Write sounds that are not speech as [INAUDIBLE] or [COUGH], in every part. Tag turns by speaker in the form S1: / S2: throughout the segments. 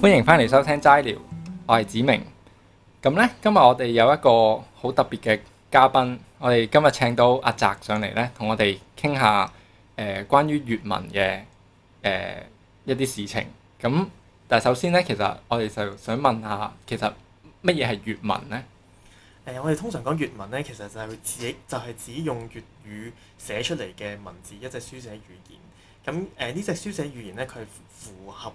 S1: 歡迎翻嚟收聽齋聊，我係梓明。咁咧，今日我哋有一個好特別嘅嘉賓，我哋今日請到阿澤上嚟咧，同我哋傾下誒、呃、關於粵文嘅誒、呃、一啲事情。咁但係首先咧，其實我哋就想問下，其實乜嘢係粵文咧？
S2: 誒、呃，我哋通常講粵文咧，其實就係、是、自己，就係、是指，就是、指用粵語寫出嚟嘅文字，一隻書寫語言。咁誒呢隻書寫語言咧，佢符合。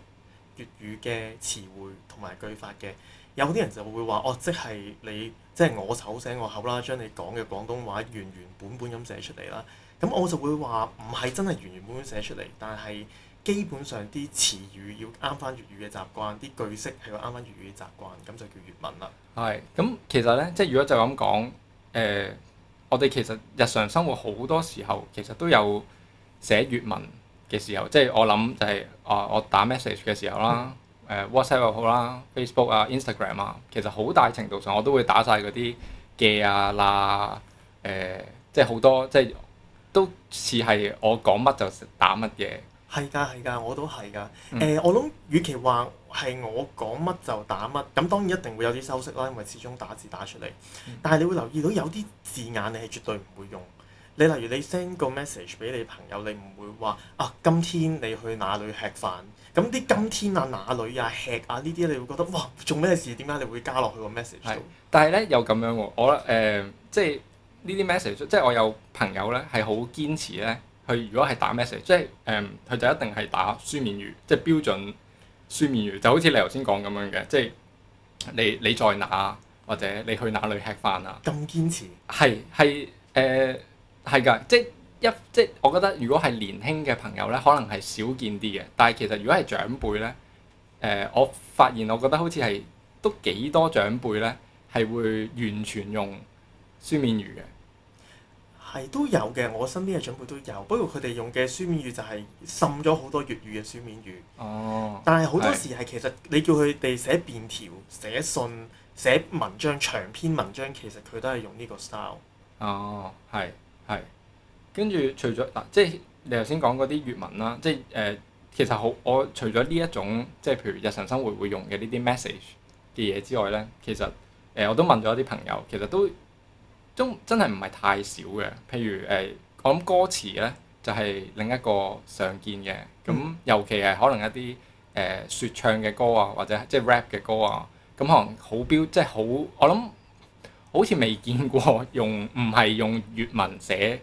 S2: 粵語嘅詞彙同埋句法嘅，有啲人就會話，哦，即係你即係我手寫我口啦，將你講嘅廣東話原原本本咁寫出嚟啦。咁我就會話，唔係真係原原本本寫出嚟，但係基本上啲詞語要啱翻粵語嘅習慣，啲句式係要啱翻粵語嘅習慣，咁就叫粵文啦。
S1: 係，咁其實呢，即係如果就咁講，呃，我哋其實日常生活好多時候，其實都有寫粵文。嘅時候，即係我諗就係、是、啊，我打 message 嘅時候啦，誒、嗯呃、WhatsApp 又好啦，Facebook 啊、Instagram 啊，其實好大程度上我都會打晒嗰啲嘅啊啦，誒、啊呃，即係好多，即係都似係我講乜就、嗯呃、就打乜嘢。
S2: 係㗎，係㗎，我都係㗎。誒，我諗與其話係我講乜就打乜，咁當然一定會有啲收飾啦，因為始終打字打出嚟。嗯、但係你會留意到有啲字眼你係絕對唔會用。你例如你 send 個 message 俾你朋友，你唔會話啊，今天你去哪裏吃飯？咁啲今天啊、哪裏啊、吃啊呢啲，你會覺得哇，做咩事？點解你會加落去個
S1: message？係，但係咧又咁樣喎、啊，我誒、呃、即係呢啲 message，即係我有朋友咧係好堅持咧，佢如果係打 message，即係誒佢就一定係打書面語，即係標準書面語，就好似你頭先講咁樣嘅，即係你你在哪或者你去哪裏吃飯啊？咁堅持係係誒。係㗎，即一即我覺得，如果係年輕嘅朋友咧，可能係少見啲嘅。但係其實如果係長輩咧，誒、呃，我發現我覺得好似係都幾多長輩咧係會完全用書面語嘅。
S2: 係都有嘅，我身邊嘅長輩都有，不過佢哋用嘅書面語就係滲咗好多粵語嘅書面語。哦。
S1: 但係好多時係
S2: 係其實你叫佢哋寫便條、寫信、寫
S1: 文章、長篇文章，其實佢都係用呢個 style。哦，係。跟住，除咗嗱，即係你頭先講嗰啲粵文啦，即係誒、呃，其實好我除咗呢一種，即係譬如日常生活會用嘅呢啲 message 嘅嘢之外咧，其實誒、呃、我都問咗一啲朋友，其實都都真係唔係太少嘅。譬如誒、呃，我諗歌詞咧就係、是、另一個常見嘅，咁尤其係可能一啲誒説唱嘅歌啊，或者即係 rap 嘅歌啊，咁可能好標，即係好我諗好似未見過用唔係用粵文寫。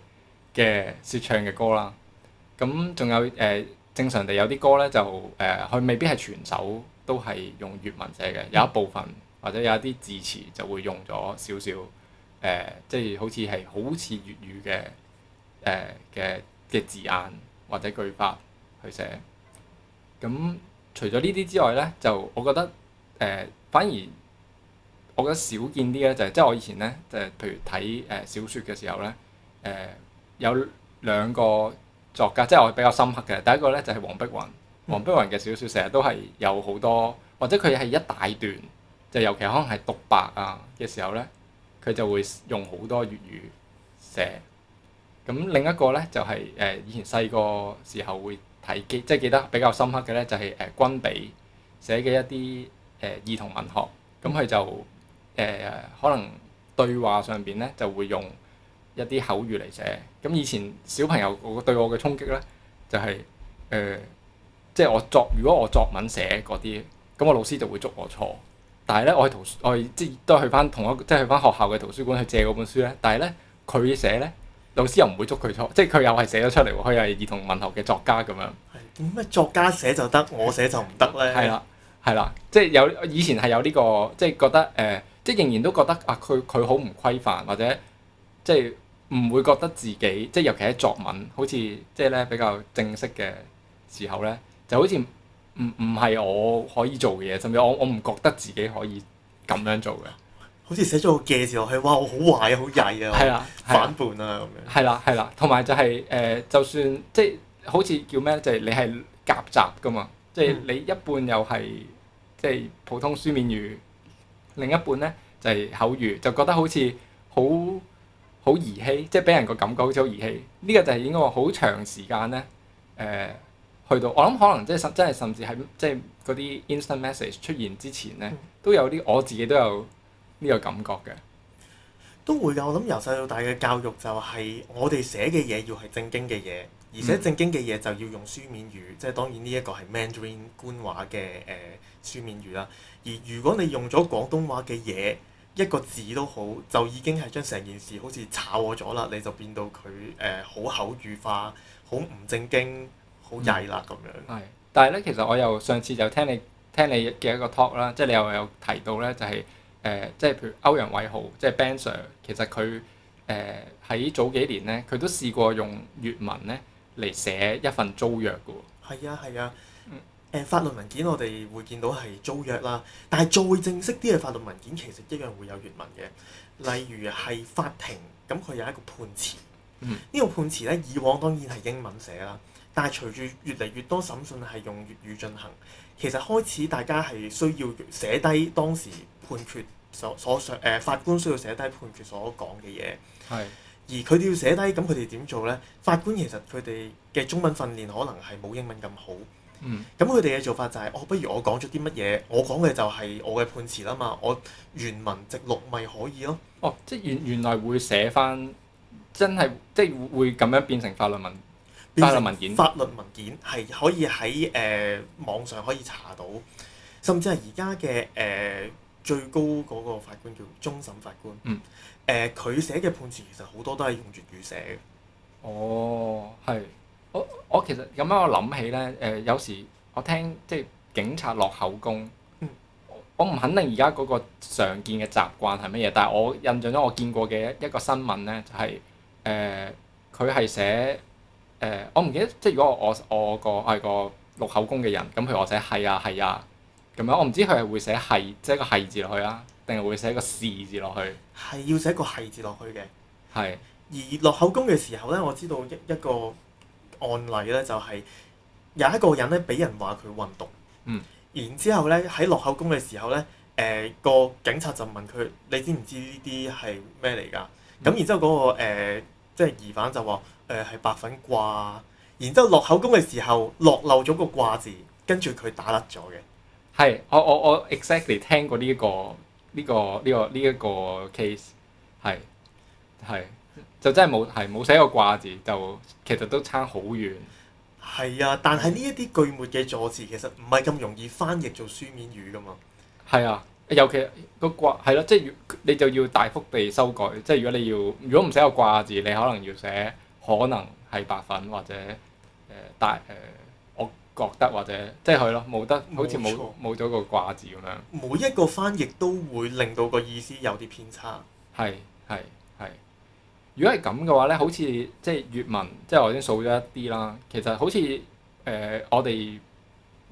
S1: 嘅説唱嘅歌啦，咁仲有誒、呃、正常地有啲歌咧就誒佢、呃、未必係全首都係用粵文寫嘅，有一部分或者有一啲字詞就會用咗少少誒，即、呃、係、就係、好似係好似粵語嘅誒嘅嘅字眼或者句法去寫。咁除咗呢啲之外咧，就我覺得誒、呃、反而我覺得少見啲咧、就係，就係即係我以前咧，就係、係、譬如睇誒、呃、小説嘅時候咧，誒、呃。有兩個作家，即係我比較深刻嘅。第一個咧就係、是、黃碧雲，黃碧雲嘅小説成日都係有好多，或者佢係一大段，就尤其可能係獨白啊嘅時候咧，佢就會用好多粵語寫。咁另一個咧就係、是、誒、呃、以前細個時候會睇記，即係記得比較深刻嘅咧就係、是、誒、呃、君比寫嘅一啲誒兒童文學。咁佢就誒、呃、可能對話上邊咧就會用。一啲口語嚟寫，咁以前小朋友我對我嘅衝擊咧，就係、是、誒、呃，即係我作如果我作文寫嗰啲，咁我老師就會捉我錯。但係咧，我去圖書，我即係都係去翻同一，即係去翻學校嘅圖書館去借嗰本書咧。但係咧，佢寫咧，老師又唔會捉佢錯，即係佢又係寫咗出嚟喎。佢又係兒童文學嘅作家咁樣。係點咩作家寫就得，我寫就唔得咧？係啦，係啦，即係有以前係有呢、這個，即係覺得誒、呃，即係仍然都覺得啊，佢佢好唔規範或者。即係唔會覺得自己即係尤其喺作文，好似即係咧比較正式嘅時候咧，就好似唔唔係我可以做嘅嘢，甚至我我唔覺得自己可以咁樣做嘅。好似寫咗個嘅字落去，哇！我好壞好啊，好曳啊，反叛啊咁樣。係啦係啦，同埋、啊啊、就係、係、誒、呃，就算即係好似叫咩就係、係、你係夾雜噶嘛，即係、嗯、你一半又係即係普通書面語，另一半咧就係、係、口語，就覺得好似好～好兒戲，即係俾人個感覺好似好兒戲。呢、這個就係應該話好長時間咧，誒、呃、去到我諗可能即係甚，即係甚至喺即係嗰啲 instant message 出現之前咧，都有啲我自己都有呢個感覺嘅。
S2: 都會㗎，我諗由
S1: 細到大嘅教育就係我哋寫
S2: 嘅嘢要係正經嘅嘢，而且正經嘅嘢就要用書面語，嗯、即係當然呢一個係 Mandarin 官話嘅誒、呃、書面語啦。而如果你用咗廣東話嘅嘢。一個字都好，就已經係將成件事好似炒咗啦，你就變到佢誒好口語化、好唔正經、好曳啦咁
S1: 樣。係、嗯，但係咧，其實我又上次就聽你聽你嘅一個 talk 啦、就係呃，即係你又有提到咧，就係誒，即係譬如歐陽偉豪，即係 Ben Sir，其實佢誒喺早幾年咧，佢都試過用粵文咧嚟寫一份租約噶
S2: 喎。係啊，係啊。法律文件我哋會見到係租約啦，但係再正式啲嘅法律文件其實一樣會有粵文嘅。例如係法庭咁，佢有一個判詞。呢、嗯、個判詞呢，以往當然係英文寫啦，但係隨住越嚟越多審訊係用粵語進行，其實開始大家係需要寫低當時判決所所上誒、呃、法官需要寫低判決所講嘅嘢。係是。而佢哋要寫低咁，佢哋點做呢？法官其實佢哋嘅中文訓練可能係冇英文咁好。嗯，咁佢哋嘅做法就係、是，哦，不如我講咗啲乜嘢，我講嘅就係我嘅判詞啦嘛，我原文
S1: 直錄咪可以咯。哦，即係原原來會寫返，真係即係會會咁樣變成法律文法律文件。法律文件係可以喺誒、呃、
S2: 網上可以查到，甚至係而家嘅誒最高嗰個法官叫終審法官。嗯。誒、呃，佢寫嘅判詞其實好多都係用粵語寫
S1: 嘅。哦，係。我我其實咁樣我諗起咧，誒、呃、有時我聽即係警察落口供，嗯、我唔肯定而家嗰個常見嘅習慣係乜嘢，但係我印象中我見過嘅一個新聞咧，就係誒佢係寫誒、呃、我唔記得，即係如果我我，我，我個係個錄口供嘅人，咁譬如我寫係啊係啊咁樣，我唔知佢係會寫係即係個係字落去啦，定係會寫一個是字落去？
S2: 係要寫一個係字落去嘅。
S1: 係是。
S2: 而落口供嘅時候咧，我知道一一個。案例咧就係、是、有一個人咧俾人話佢運動，嗯，然之後咧喺落口供嘅時候咧，誒、呃、個警察就問佢：你知唔知呢啲係咩嚟㗎？咁然之後嗰、那個、呃、即係疑犯就話誒係白粉掛，然之後落口供嘅時候落漏咗個掛字，跟住佢打甩咗嘅。
S1: 係我我我 exactly 聽過呢、這、一個呢、這個呢、這個呢一、這個 case 係係。就真係冇，係冇寫個掛字，就其實都差好遠。係啊，但係呢一啲句末嘅助詞其
S2: 實唔係咁容易翻譯做書面語噶嘛。
S1: 係啊，尤其個掛係咯，即係、啊就係、你就要大幅地修改。即、就、係、係、如果你要，如果唔寫個掛字，你可能要寫可能係白粉或者誒、呃、大誒、呃，我覺得或者即係咯，冇、啊、得好似冇冇咗個掛字咁樣。每一個翻譯都會令到個意思有啲偏差。係係。如果係咁嘅話咧，好似即係粵文，即係我已經數咗一啲啦。其實好似誒、呃，我哋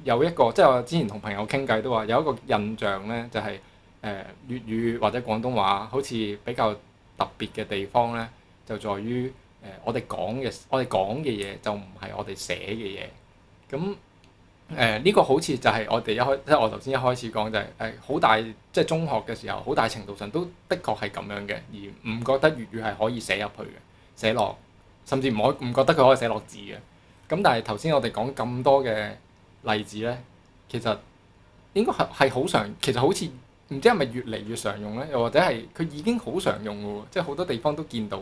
S1: 有一個，即係我之前同朋友傾偈都話，有一個印象咧，就係誒粵語或者廣東話，好似比較特別嘅地方咧，就在於誒、呃、我哋講嘅我哋講嘅嘢，就唔係我哋寫嘅嘢。咁誒呢、呃，這個好似就係我哋一開，即係我頭先一開始講，就係誒好大，即係中學嘅時候，好大程度上都的確係咁樣嘅，而唔覺得粵語係可以寫入去嘅，寫落甚至唔可，唔覺得佢可以寫落字嘅。咁但係頭先我哋講咁多嘅例子咧，其實應該係係好常，其實好似唔知係咪越嚟越常用咧，又或者係佢已經好常用嘅喎，即係好多地方都見到。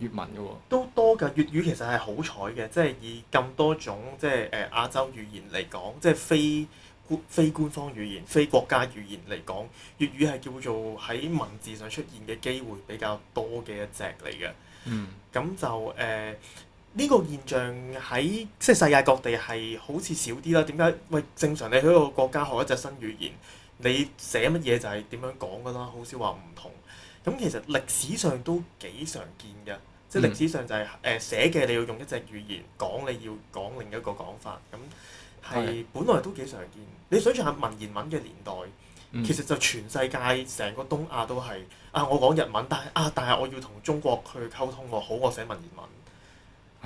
S1: 粵文嘅
S2: 都多嘅。粵語其實係好彩嘅，即係以咁多種即係誒、呃、亞洲語言嚟講，即係非官非官方語言、非國家語言嚟講，粵語係叫做喺文字上出現嘅機會比較多嘅一隻嚟嘅。嗯，咁就誒呢、呃呢個現象喺即係世界各地係好似少啲啦。點解？喂，正常你去一個國家學一隻新語言，你寫乜嘢就係點樣講㗎啦，好少話唔同。咁其實歷史上都幾常見嘅，即係歷史上就係誒寫嘅你要用一隻語言講，講你要講另一個講法，咁、嗯、
S1: 係、嗯、
S2: 本來都幾常見。你想像下文言文嘅年代，其實就全世界成個東亞都係啊，我講日文，但係啊，但係我要同中國去溝通喎、啊，好我寫文言文，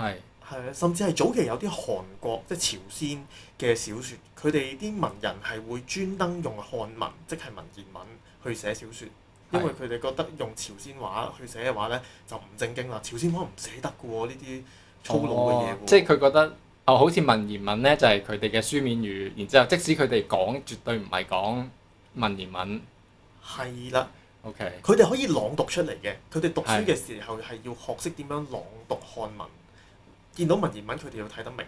S2: 係係是、嗯、甚至係早期有啲韓國即係朝鮮嘅小説，佢哋啲文人係會專登用漢文，即係文言文去寫小説。因為佢哋覺得用朝鮮話去寫嘅話呢，就唔正經啦。朝鮮話唔寫得嘅呢啲粗魯嘅嘢喎。即係佢
S1: 覺得哦，好似文言文呢，就係佢哋嘅書面語。然之後，即使佢哋講，絕對唔係講文言文。係啦的。O K。佢哋可以朗
S2: 讀出嚟嘅。佢哋讀書嘅時候係要學識點樣朗讀漢文。的見到文言文，佢哋要睇得明，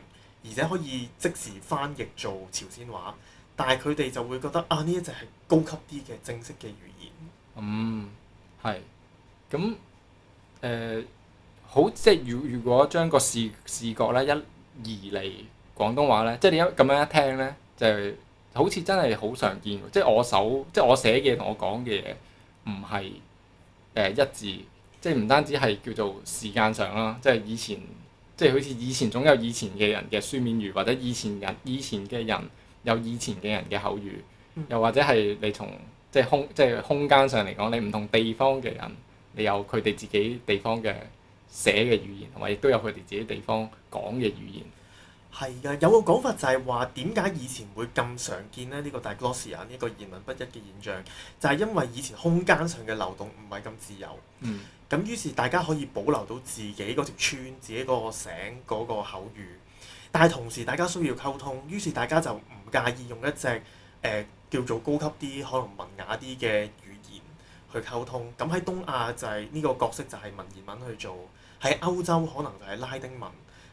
S2: 而且可以即時翻譯做朝鮮話。但係佢哋就會覺得啊，呢一隻係高級啲嘅正式嘅語言。
S1: 嗯，係，咁誒、呃、好，即係如如果將個視視覺咧一移嚟廣東話咧，即係你一咁樣一聽咧，就好似真係好常見喎。即係我手，即係我寫嘅同我講嘅嘢，唔係誒一致，即係唔單止係叫做時間上啦，即係以前，即係好似以前總有以前嘅人嘅書面語，或者以前人以前嘅人有以前嘅人嘅口語，嗯、又或者係你從。即係空，即係空間上嚟講，你唔同地方嘅人，你有佢哋自己地方嘅寫嘅語言，同埋亦都有佢哋自己地方講嘅語言。
S2: 係啊，有個講法就係話，點解以前會咁常見呢？呢、這個 Diglossia 啊，呢個言文不一嘅現象，就係、是、因為以前空間上嘅流動唔係咁自由。嗯。咁於是大家可以保留到自己嗰條村、自己嗰個省嗰、那個口語，但係同時大家需要溝通，於是大家就唔介意用一隻誒。呃叫做高級啲、可能文雅啲嘅語言去溝通。咁喺東亞就係呢個角色就係文言文去做；喺歐洲可能就係拉丁文；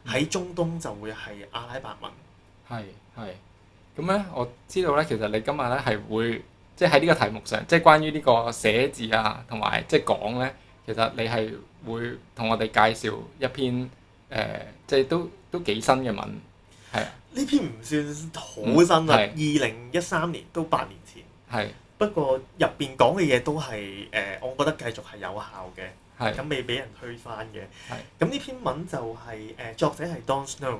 S2: 喺中東就會係阿拉伯文。
S1: 係係。咁咧，我知道咧，其實你今日咧係會即係喺呢個題目上，即係關於呢個寫字啊，同埋即係講咧，其實你係會同我哋介紹一篇誒，即係都都幾新嘅文。
S2: 呢篇唔算好新啦，二零一三年，都
S1: 八年前。係是，不過入邊講嘅嘢都係，
S2: 誒、呃，我覺得繼續係有效嘅，咁是未俾人推翻嘅。係是，咁呢篇文就係、是，誒、呃，作者係 Don Snow，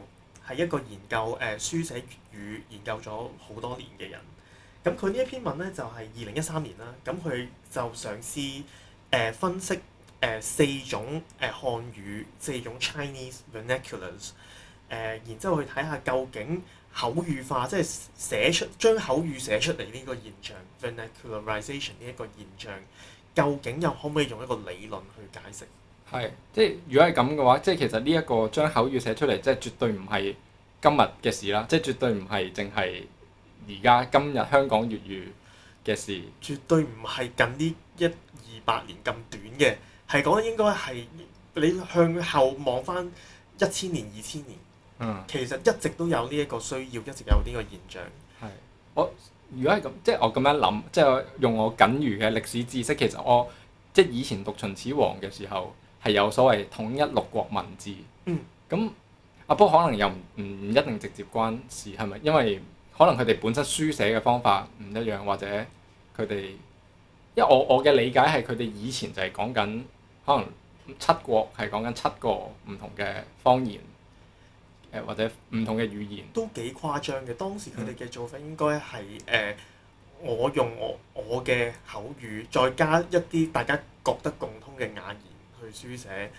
S2: 係一個研究誒、呃、書寫粵語研究咗好多年嘅人。咁佢呢一篇文咧就係二零一三年啦，咁佢就嘗試誒分析誒四種誒漢語，四種 Chinese vernaculars。呃誒，然之後去睇下究竟口語化，即係寫出將口語寫出嚟呢個現象 （vernacularization） 呢一個現象，究竟又可唔可以用一個理論去解釋？
S1: 係即係，如果係咁嘅話，即係其實呢、這、一個將口語寫出嚟，即係絕對唔係今日嘅事啦，即係絕對唔係淨係而家今日香港粵語嘅事。絕對唔係近呢一,
S2: 一二百年咁短嘅，係講應該係你向後望翻一千年、二千年。嗯，其實一直都有呢一個需要，一直有呢個現象。
S1: 係，我如果係咁，即係我咁樣諗，即係用我僅餘嘅歷史知識，其實我即係以前讀秦始皇嘅時候，係有所謂統一六國文字。嗯。咁，啊不過可能又唔唔一定直接關事，係咪？因為可能佢哋本身書寫嘅方法唔一樣，或者佢哋，因為我我嘅理解係佢哋以前就係講緊可能七國係講緊七個唔同嘅方言。誒，或者唔同嘅語言
S2: 都幾誇張嘅。當時佢哋嘅做法應該係誒、呃、我用我我嘅口語，再加一啲大家覺得共通嘅雅言去書寫。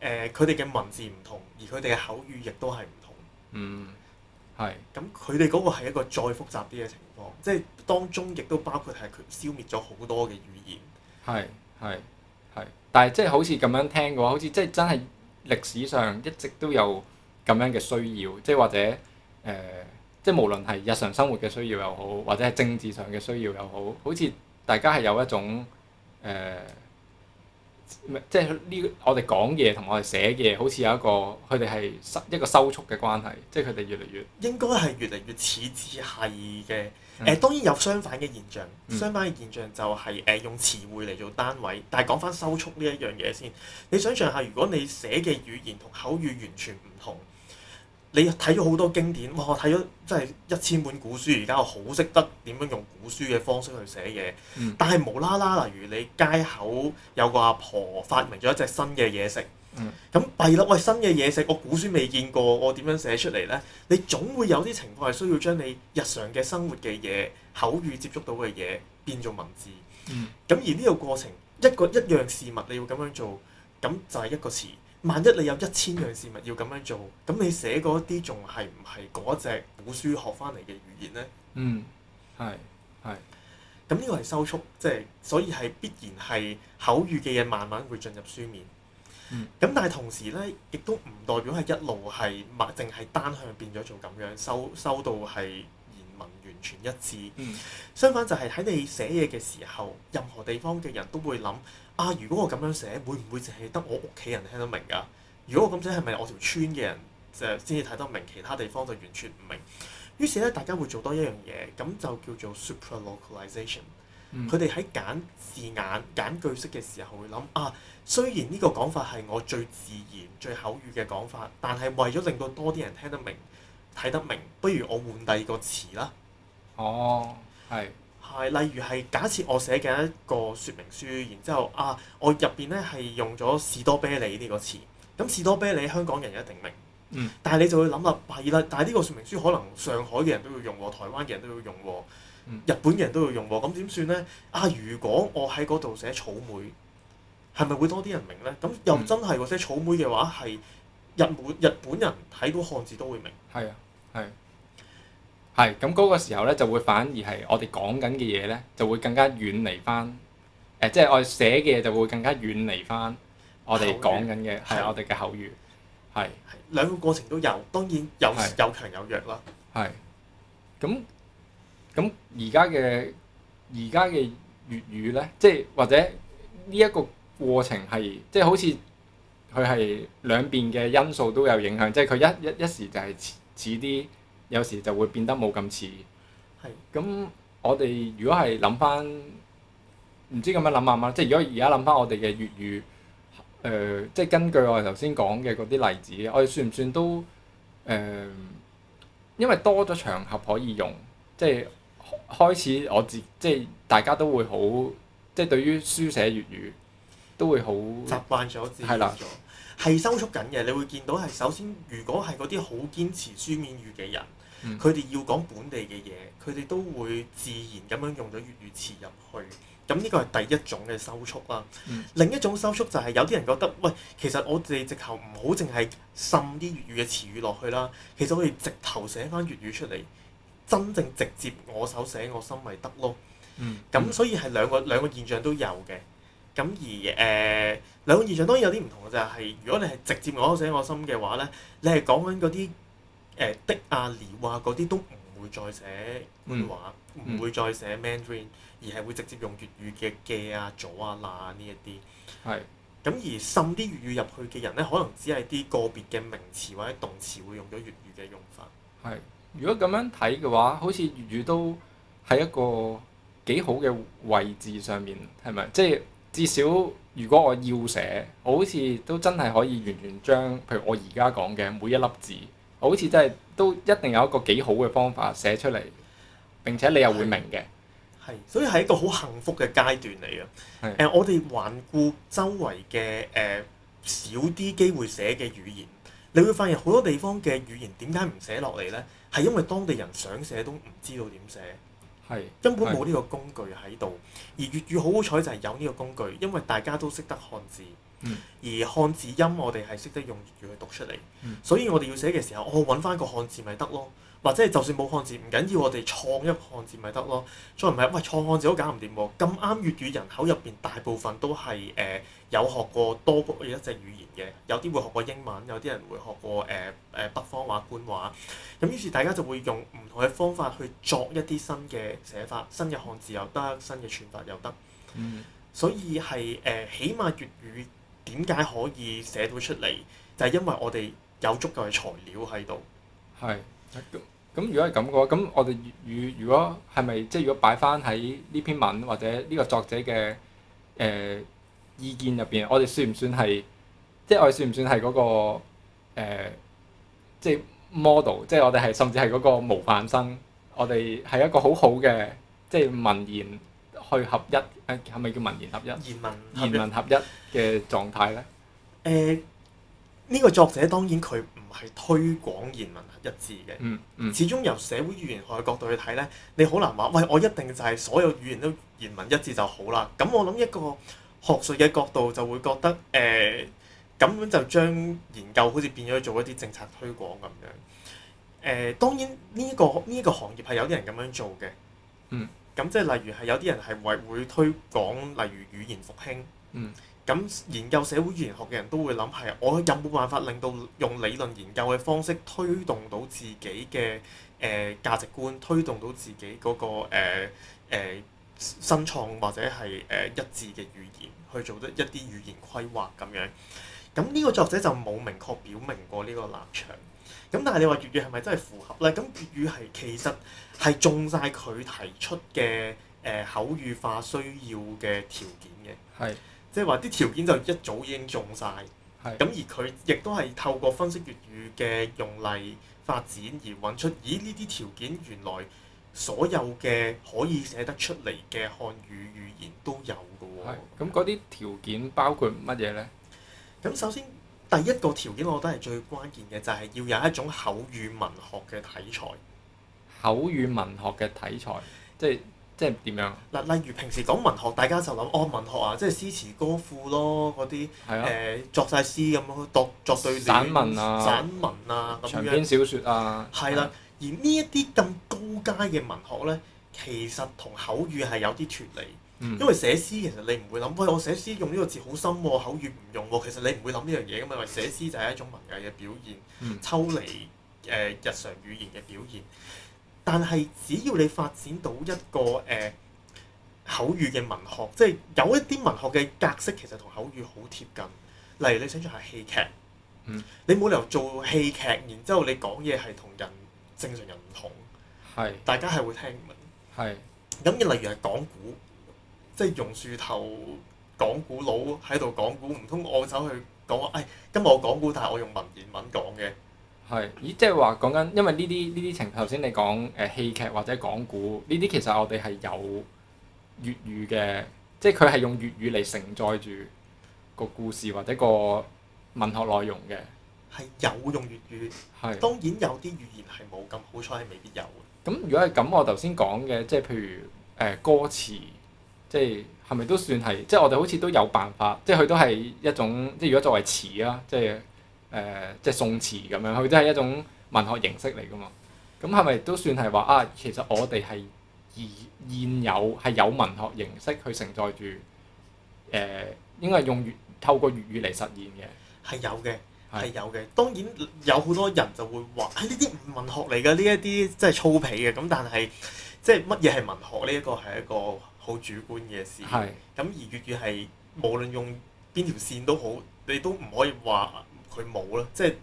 S2: 誒，佢哋嘅文字唔同，而佢哋嘅口語亦都係唔同。
S1: 嗯，
S2: 係。咁佢哋嗰個係一個再複雜啲嘅情況，即係當中亦都包括係佢消滅咗好多嘅語言。
S1: 係係係，但係即係好似咁樣聽嘅話，好似即係真係歷史上一直都有。咁樣嘅需要，即係或者誒、呃，即係無論係日常生活嘅需要又好，或者係政治上嘅需要又好，好似大家係有一種誒、呃，即係、這、呢、個，我哋講嘢同我哋寫嘢，好似有一個佢哋係一個收束嘅關係，即係佢哋越嚟越
S2: 應該係越嚟越似字係嘅。誒、呃、當然有相反嘅現象，相反嘅現象就係、是、誒、呃、用詞彙嚟做單位，但係講返收束呢一樣嘢先。你想象下，如果你寫嘅語言同口語完全唔同。你睇咗好多經典，哇！我睇咗真係一千本古書，而家我好識得點樣用古書嘅方式去寫嘢。嗯、但係無啦啦，例如你街口有個阿婆發明咗一隻新嘅嘢食，咁弊啦！喂，我新嘅嘢食我古書未見過，我點樣寫出嚟呢？你總會有啲情況係需要將你日常嘅生活嘅嘢、口語接觸到嘅嘢變做文字。咁、嗯、而呢個過程一個一樣事物你要咁樣做，咁就係一個詞。萬一你有一千樣事物要咁樣做，咁你寫嗰啲仲係唔係嗰隻古書學翻嚟嘅語言呢？嗯，係，係。咁呢個係收束，即係所以係必然係口語嘅嘢慢慢會進入書面。嗯。咁但係同時呢，亦都唔代表係一路係麥淨係單向變咗做咁樣收收到係言文完全一致。嗯。相反就係喺你寫嘢嘅時候，任何地方嘅人都會諗。啊！如果我咁樣寫，會唔會淨係得我屋企人聽得明㗎？如果我咁寫，係咪我條村嘅人就先至睇得明，其他地方就完全唔明？於是咧，大家會做多一樣嘢，咁就叫做 supra-localisation。佢哋喺揀字眼、揀句式嘅時候會，會諗啊，雖然呢個講法係我最自然、最口語嘅講法，但係為咗令到多啲人聽得明、睇得明，不如我換第二個詞啦。哦，係。係，例如係假設我寫嘅一個說明書，然之後啊，我入邊咧係用咗士多啤梨呢個詞，咁、啊、士多啤梨香港人一定明，嗯、但係你就會諗啦，係、啊、啦，但係呢個說明書可能上海嘅人都要用喎，台灣嘅人都要用喎，日本嘅人都要用喎，咁點算咧？啊，如果我喺嗰度寫草莓，係咪會多啲人明咧？咁、啊、又真係喎，寫草莓嘅話係日、日日本人睇到漢字都會明，係
S1: 啊，係。係咁，嗰個時候咧就會反而係我哋講緊嘅嘢咧，就會更加遠離返誒，即係我哋寫嘅嘢就會更加遠離返我哋講緊嘅，係我哋嘅口語，係兩是是個過程都有，當然有是有強有弱啦。係咁咁，而家嘅而家嘅粵語咧，即係或者呢一個過程係即係好似佢係兩邊嘅因素都有影響，即係佢一一一時就係似啲。似似有時就會變得冇咁似。係。咁我哋如果係諗翻，唔知咁樣諗下嘛，即係如果而家諗翻我哋嘅粵語，誒、呃，即係根據我哋頭先講嘅嗰啲例子，我哋算唔算都誒、呃？因為多咗場合可以用，即係開始我自即係大家都會好，即係對於書寫粵語都會好習慣
S2: 咗，自己，係啦，
S1: 係 [LAUGHS] 收縮緊嘅。你會見到
S2: 係首先，如果係嗰啲好堅持書面語嘅人。佢哋要講本地嘅嘢，佢哋都會自然咁樣用咗粵語詞入去，咁呢個係第一種嘅收縮啦。嗯、另一種收縮就係有啲人覺得，喂，其實我哋直頭唔好淨係滲啲粵語嘅詞語落去啦，其實我哋直頭寫翻粵語出嚟，真正直接我手寫我心咪得咯。咁、嗯嗯、所以係兩個兩個現象都有嘅。咁而誒、呃、兩個現象當然有啲唔同嘅就係、是，如果你係直接我手寫我心嘅話呢，你係講緊嗰啲。呃、的啊、了啊嗰啲都唔會再寫官話，唔、嗯、會再寫 Mandarin，而係會直接用粵語嘅嘅啊、咗啊、嗱啊是呢一啲係。咁而滲啲粵語入去嘅人咧，可能只係啲個別嘅名詞或者動詞會用咗粵語嘅用法
S1: 係。如果咁樣睇嘅話，好似粵語都喺一個幾好嘅位置上面，係咪？即、就、係、是、至少如果我要寫，我好似都真係可以完全將譬如我而家講嘅每一粒字。好似真係都一定有一個幾好嘅方法寫出嚟，並且你又會明嘅。係，所以係一個好幸福嘅階段嚟嘅。係是、呃，
S2: 我哋環顧周圍嘅誒、呃、少啲機會寫嘅語言，你會發現好多地方嘅語言點解唔寫落嚟呢？係因為當地人想寫都唔知道點寫，係是根本冇呢個工具喺度。而粵語好好彩就係有呢個工具，因為大家都識得漢字。嗯、而漢字音我哋係識得用粵語去讀出嚟，嗯、所以我哋要寫嘅時候，我揾翻個漢字咪得咯，或者就算冇漢字，唔緊要，我哋創一個漢字咪得咯。再唔係，喂，創漢字都搞唔掂喎。咁啱粵語人口入邊，大部分都係誒、呃、有學過多過一隻語言嘅，有啲會學過英文，有啲人會學過誒誒、呃呃、北方話、官話。咁於是大家就會用唔同嘅方法去作一啲新嘅寫法，新嘅漢字又得，新嘅串法又得。嗯、所以係誒、呃，起碼粵語。點解可以寫到出嚟？就係、是、因為我哋
S1: 有足夠嘅材料喺度。係咁，咁如果係咁嘅話，咁我哋粵語如果係咪即係如果擺翻喺呢篇文或者呢個作者嘅誒、呃、意見入邊，我哋算唔算係？即係我哋算唔算係嗰、那個、呃、即係 model，即係我哋係甚至係嗰個模範生。我哋係一個好好嘅即係文言。去合一，誒係咪叫文言合一？言文言文合一嘅狀態咧？
S2: 誒，呢個作者當然佢唔係推廣言文一致
S1: 嘅。嗯嗯、mm，hmm.
S2: 始終由社會語言學嘅角度去睇咧，你好難話喂，我一定就係所有語言都言文一致就好啦。咁我諗一個學術嘅角度就會覺得誒，咁、uh, 樣就將研究好似變咗做一啲政策推廣咁樣。誒、uh,，當然呢、這、一個呢一、這個、行業係有啲人咁樣做嘅。嗯、mm。Hmm. 咁即係例如係有啲人係為會推廣，例如語言復興。嗯。咁研究社會語言學嘅人都會諗係，我有冇辦法令到用理論研究嘅方式推動到自己嘅誒、呃、價值觀，推動到自己嗰、那個誒新、呃呃、創或者係誒、呃、一致嘅語言，去做得一啲語言規劃咁樣。咁呢個作者就冇明確表明過呢個立場。咁但係你話粵語係咪真係符合咧？咁粵語係其實係中晒佢提出嘅誒、呃、口語化需要嘅條件嘅，係是，即係話啲條件就一早已經中晒。係是。咁而佢亦都係透過分析粵語嘅用例發展而揾出，咦呢啲條件原來所有嘅可以寫得出嚟嘅漢語語言都有㗎喎、哦。係。咁嗰啲條件包括乜嘢呢？咁首先。第一個條件，我覺得係最關鍵嘅，就係、是、要有一種口語文學嘅體裁。
S1: 口語文學
S2: 嘅體裁，即係即係點樣？嗱，例如平時講文學，大家就諗哦，文學啊，即係詩詞歌賦咯，嗰啲誒作晒詩咁咯，讀作對聯、散文啊、咁、啊、長篇小
S1: 說啊，係啦。
S2: 而呢一啲咁高階嘅文學咧，其實同口語係有啲脫離。因為寫詩其實你唔會諗，喂，我寫詩用呢個字好深喎，口語唔用喎。其實你唔會諗呢樣嘢噶嘛。寫詩就係一種文藝嘅表現，嗯、抽離、呃、日常語言嘅表現。但係只要你發展到一個、呃、口語嘅文學，即係有一啲文學嘅格式，其實同口語好貼近。例如你想做下戲劇，嗯、你冇理由做戲劇，然之後你講嘢係同人正常人唔同，係大家係會聽唔明。係咁嘅，例如係講古。即係榕樹頭講古佬喺度講古，唔通我走去講話？誒，今日我講古，但係我用文言文
S1: 講嘅。係，咦，即係話講緊，因為呢啲呢啲情，頭先你講誒，戲劇或者講古呢啲，其實我哋係有粵語嘅，即係佢係用粵語嚟承載住個故事或者個文學內容嘅。係有
S2: 用粵語，係當然有啲語言係冇咁好彩，係未必有
S1: 嘅。咁如果係咁，我頭先講嘅即係譬如誒、呃、歌詞。即係係咪都算係？即係我哋好似都有辦法，即係佢都係一種，即係如果作為詞啊，即係誒、呃，即係宋詞咁樣，佢都係一種文學形式嚟㗎嘛？咁係咪都算係話啊？其實我哋係現現有係有文學形式去承載住誒，應該係用粵透過粵語嚟實現嘅。係有嘅，係有嘅。當然
S2: 有好多人就會話：呢、啊、啲唔文學嚟嘅，呢一啲即係粗鄙嘅。咁但係即係乜嘢係文學？呢、這、一個係一個。好主觀嘅事，咁是而粵語係無論用邊條線都好，你都唔可以話佢冇啦，即係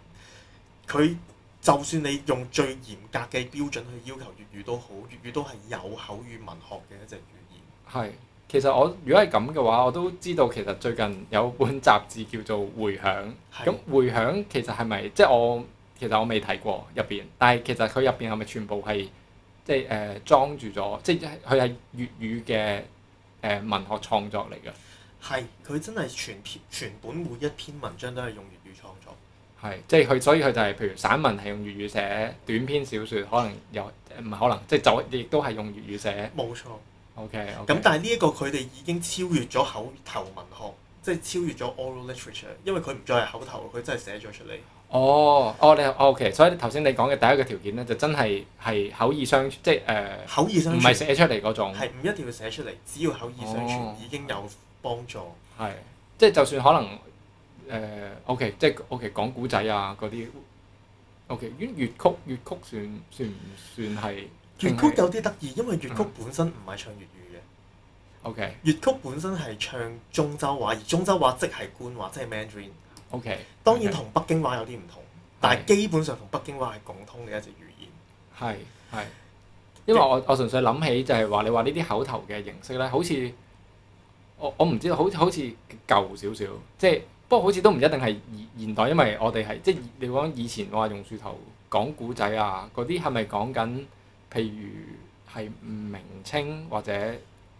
S2: 佢就算你用最嚴格嘅標準去要求粵語都好，粵語都係有口語文學嘅一隻語言。
S1: 係，其實我如果係咁嘅話，我都知道其實最近有本雜誌叫做《迴響》是，咁《迴響》其實係咪即係我其實我未睇過入邊，但係其實佢入邊係咪全部係？即係誒、呃、裝住咗，即係佢係粵語嘅誒、呃、文學創作嚟㗎。係，
S2: 佢真係全篇全本每一篇文章都係用粵語創作。
S1: 係，即係佢，所以佢就係、是、譬如散文係用粵語寫，短篇小說可能有，唔係可能，即係就亦都係用粵語寫。冇錯。O K。咁但係呢一
S2: 個佢哋已經超越咗口頭文學，即係超越咗 oral literature，因為佢唔再係口頭，佢真係寫咗出嚟。
S1: 哦，哦你，OK，所以頭先你講嘅第一個條件咧，就真係係口、呃、口耳相傳，即係誒，口耳相傳，唔係寫出嚟嗰種，係唔
S2: 一定要寫出嚟，只要口耳相傳已經有幫助。
S1: 係、哦，即係就算可能誒、呃、OK，即係 OK 講古仔啊嗰啲，OK，咁粵曲粵曲算算唔算係？粵曲有啲得
S2: 意，因為粵曲本身唔係唱粵語嘅、嗯。OK，粵曲本身係唱中州話，而中州話即係官話，即係 Mandarin。O.K. 當然同北京話有啲唔同，的但係基本上同北京話係共通嘅一隻語言。
S1: 係係，因為我我純粹諗起就係話你話呢啲口頭嘅形式咧，好似我我唔知道，好好似舊少少，即係不過好似都唔一定係現代，因為我哋係即係你講以前話用樹頭講古仔啊，嗰啲係咪講緊譬如係唔明清或者？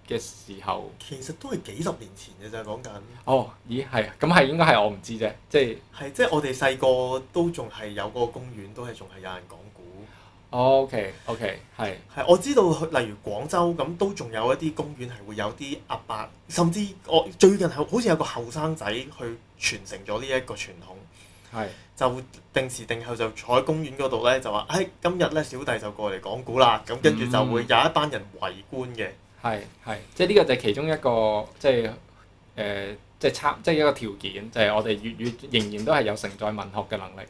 S1: 嘅時候，其實都係幾十年前嘅啫，講緊。哦，咦，係，咁係應該係我唔知啫，即係。係，即係我哋細個都仲
S2: 係有嗰個公園，都係仲係有人講古。
S1: OK，OK，係係，我知道
S2: 例如廣州咁，都仲有一啲公園係會有啲阿伯，甚至我，哦，最近好似有個後生仔去傳承咗呢一個傳統。係。就定時定候就坐喺公園嗰度咧，就話：哎，今日咧小弟就過嚟講古啦。咁跟住就會有一
S1: 班人圍觀嘅。嗯係係，即係呢個就係其中一個，即係誒、呃，即係參，即係一個條件，就係、是、我哋粵語仍然都係有承載文學嘅能力。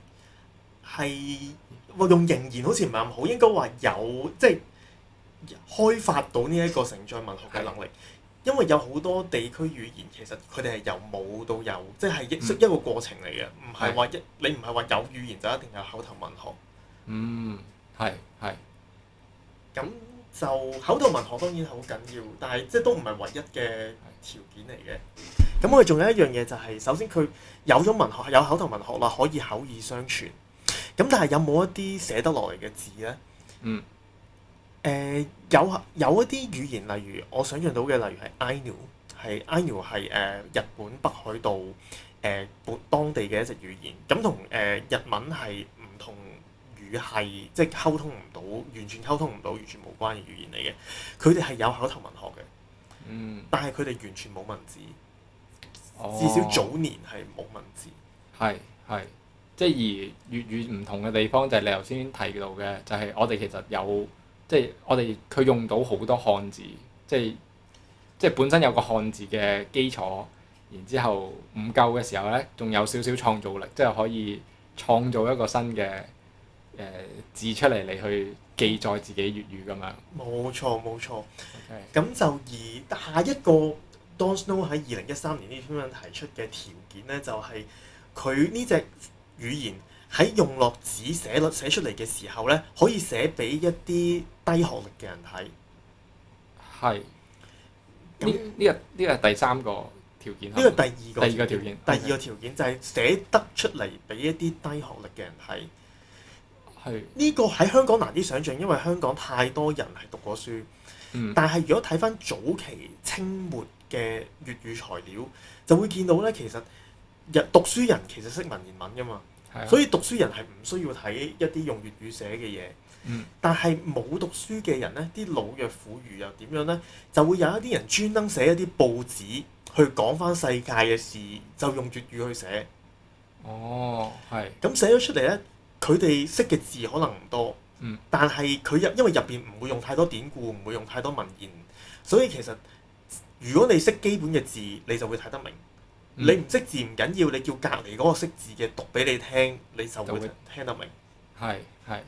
S1: 係用仍然好似唔係咁好，應該話有即
S2: 係開發到呢一個承載文學嘅能力。是因為有好多地區語言其實佢哋係由冇到有，即係亦屬一個過程嚟嘅，唔係話一你唔係話有語言就一定有口頭文學。嗯，
S1: 係係。
S2: 咁。就口頭文學當然好緊要，但係即係都唔係唯一嘅條件嚟嘅。咁我哋仲有一樣嘢就係、是，首先佢有咗文學有口頭文學啦，可以口耳相傳。咁但係有冇一啲寫得落嚟嘅字咧？嗯。誒、呃、有有一啲語言，例如我想像到嘅，例如係 Ainu，係 Ainu 係日本北海道誒本、呃、當地嘅一隻語言，咁同誒日文係。係即係溝通唔到，完全溝通唔到，完全冇關嘅語言嚟嘅。佢哋係有口頭文學嘅，嗯，但係佢哋完全冇文字，
S1: 哦、至少早
S2: 年係冇文字。
S1: 係係即係而粵語唔同嘅地方就係、是、你頭先提到嘅，就係、是、我哋其實有即係我哋佢用到好多漢字，即係即係本身有個漢字嘅基礎，然之後唔夠嘅時候咧，仲有少少創造力，即係可以創造一個新嘅。誒字，呃、出嚟嚟去記載自己粵語咁樣。
S2: 冇錯冇錯。咁 Okay. 就而下一個 Don Snow 喺二零一三年呢篇文章提出嘅條件咧，就係佢呢隻語言喺用落紙寫寫出嚟嘅時候咧，可以寫俾一啲低學歷嘅人睇。
S1: 係 Okay. 那。呢個呢個係第三個條件。呢個第二個。第二個條件。第二個條件，Okay. 件
S2: 就係寫得出嚟俾一啲低學歷嘅人睇。呢個喺香港難啲想像，因為香港太多人係讀過書，嗯、但係如果睇翻早期清末嘅粵語材料，就會見到咧，其實人讀書人其實識文言文噶嘛，嗯、所以讀書人係唔需要睇一啲用粵語寫嘅嘢。嗯、但係冇讀書嘅人咧，啲老弱婦孺又點樣呢？就會有一啲人專登寫一啲報紙去講翻世界嘅事，就用粵語去寫。哦，係。咁寫咗出嚟咧。佢哋識嘅字可能唔多，但係佢入因為入邊唔會用太多典故，唔會用太多文言，所以其實如果你識基本嘅字，你就會睇得明。嗯、你唔識字唔緊要，你叫隔離嗰個識字嘅讀俾你聽，你就會聽得明。
S1: 係係，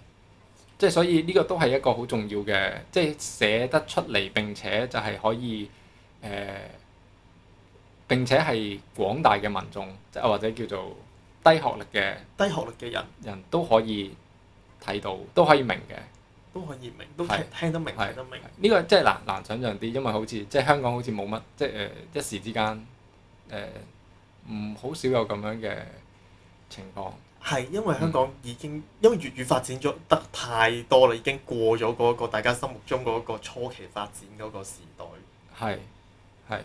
S1: 即係、就是、所以呢個都係一個好重要嘅，即係寫得出嚟並且就係可以誒、呃，並且係廣大嘅民眾，即或者叫做。低學歷嘅
S2: 低學歷嘅人
S1: 人都可以睇到，都可以明嘅，
S2: 都可以明，是都聽，
S1: 聽得明，睇是得明。呢、呢個即係難難想象啲，因為好似即係香港好似冇乜，即係誒一時之間誒唔好少有咁樣嘅情況，係因為香港
S2: 已經、嗯、因為粵語發展咗得太多啦，已經過咗嗰個大家心目中嗰個初期發展嗰個時代。係係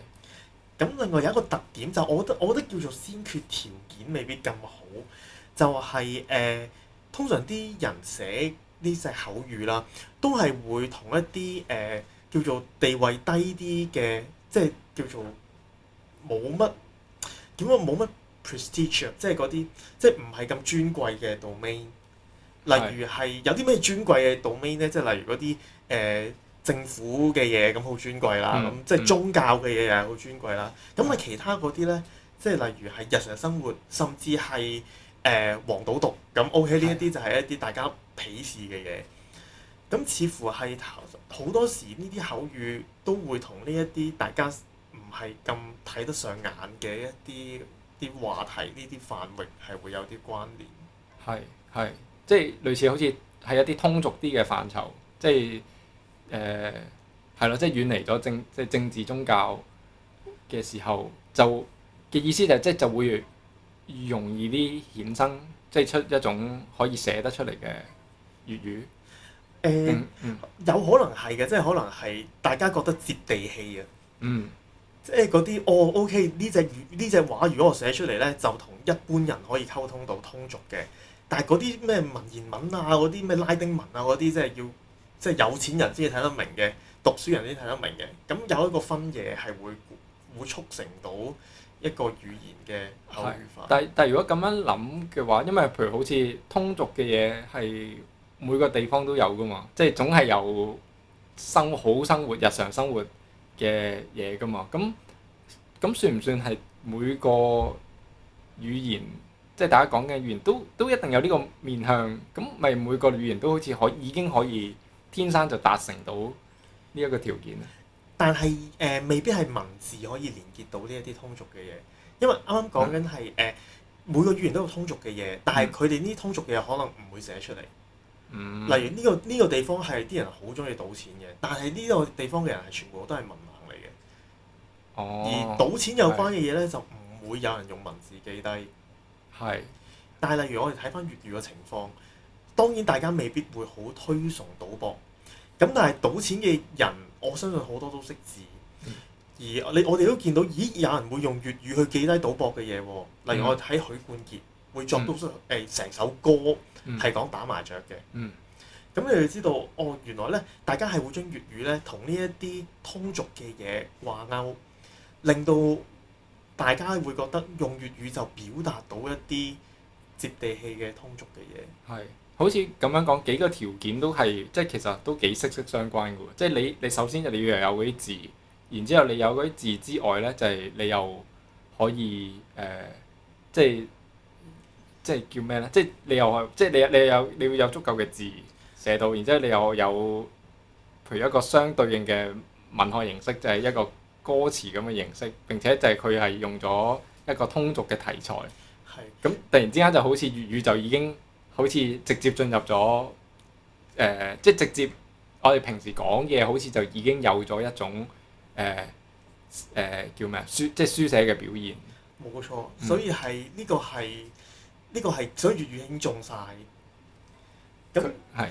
S2: 咁，另外有一個特點就我覺得我覺得，我覺得叫做先決條件。未必咁好，就係、是、誒、呃，通常啲人寫呢隻口語啦，都係會同一啲誒、呃、叫做地位低啲嘅，即係叫做冇乜點解冇乜 prestige 啊，即係嗰啲即係唔係咁尊貴嘅 domain。例如係有啲咩尊貴嘅 domain 咧，即係例如嗰啲誒政府嘅嘢咁好尊貴啦，咁、嗯、即係宗教嘅嘢又係好尊貴啦。咁啊、嗯、其他嗰啲咧？即係例如係日常生活，甚至係誒黃賭毒咁。O.K. 呢是一啲就係一啲大家鄙視嘅嘢。咁似乎係好多時呢啲口語都會同呢一啲大家唔係咁睇得上眼嘅一啲啲話題，呢啲範域係會有啲關聯。
S1: 係、係，即係、就是、類似好似係一啲通俗啲嘅範疇，即係誒係咯，即係遠離咗政即係政治宗教嘅時候就。嘅意思就係即係就會容易啲衍生，即係出一種可以寫得出嚟嘅粵語。
S2: 誒、呃嗯嗯、
S1: 有可能係嘅，即係可
S2: 能係大家覺得接地氣啊。嗯，即係嗰啲哦，OK 呢隻呢隻話，如果我寫出嚟咧，就同一般人可以溝通到通俗嘅。但係嗰啲咩文言文啊，嗰啲咩拉丁文啊，嗰啲即係要即係有錢人先睇得明嘅，讀書人先睇得明嘅。咁有一個分野係會會促成到。
S1: 一個語言嘅口語化，但但如果咁樣諗嘅話，因為譬如好似通俗嘅嘢係每個地方都有㗎嘛，即係總係有生好生活、日常生活嘅嘢㗎嘛，咁咁算唔算係每個語言，即係大家講嘅語言都都一定有呢個面向？咁咪每個語言都好似可已經可以天生就達成到呢一個條件啊？
S2: 但係誒、呃，
S1: 未必係文
S2: 字可以連結到呢一啲通俗嘅嘢，因為啱啱講緊係誒每個語言都有通俗嘅嘢，但係佢哋呢啲通俗嘅嘢可能唔會寫出嚟。嗯、
S1: 例如呢、呢
S2: 個呢、呢個地方係啲人好中意賭錢嘅，但係呢個地方嘅人係全部都係文盲
S1: 嚟嘅。哦、而賭錢有關嘅
S2: 嘢呢，是就唔會有人用文字記低。係是，但係例如我哋睇翻粵語嘅情況，當然大家未必會好推崇賭博，咁但係賭錢嘅人。我相信好多都識字，而你我哋都見到，咦，有人會用粵語去記低賭博嘅嘢喎。例如我睇許冠傑會作到誒成首歌係講打麻雀嘅。咁、嗯嗯、你哋知道哦，原來咧大家係會將粵語咧同呢一啲通俗嘅嘢掛鈎，令到大家會覺得用粵語就表達到一啲接地氣嘅通俗嘅嘢。
S1: 係。好似咁樣講，幾個條件都係即係其實都幾息息相關嘅喎。即係你你首先就你要有嗰啲字，然之後你有嗰啲字之外咧，就係、是、你又可以誒、呃，即係即係叫咩咧？即係你又係即係你你又你會有足夠嘅字寫到，然之後你又有譬如一個相對應嘅文學形式，就係一個歌詞咁嘅形式，並且就係佢係用咗一個通俗嘅題材。係的。咁突然之間就好似粵語就已經。好似直接進入咗誒、呃，即係直接我哋平時講嘢，好似就已經有咗一種誒誒、呃呃、叫咩書，即係書寫嘅表現。
S2: 冇錯，所以係呢、嗯、個係呢、呢個係，所以粵語已經重晒。咁係。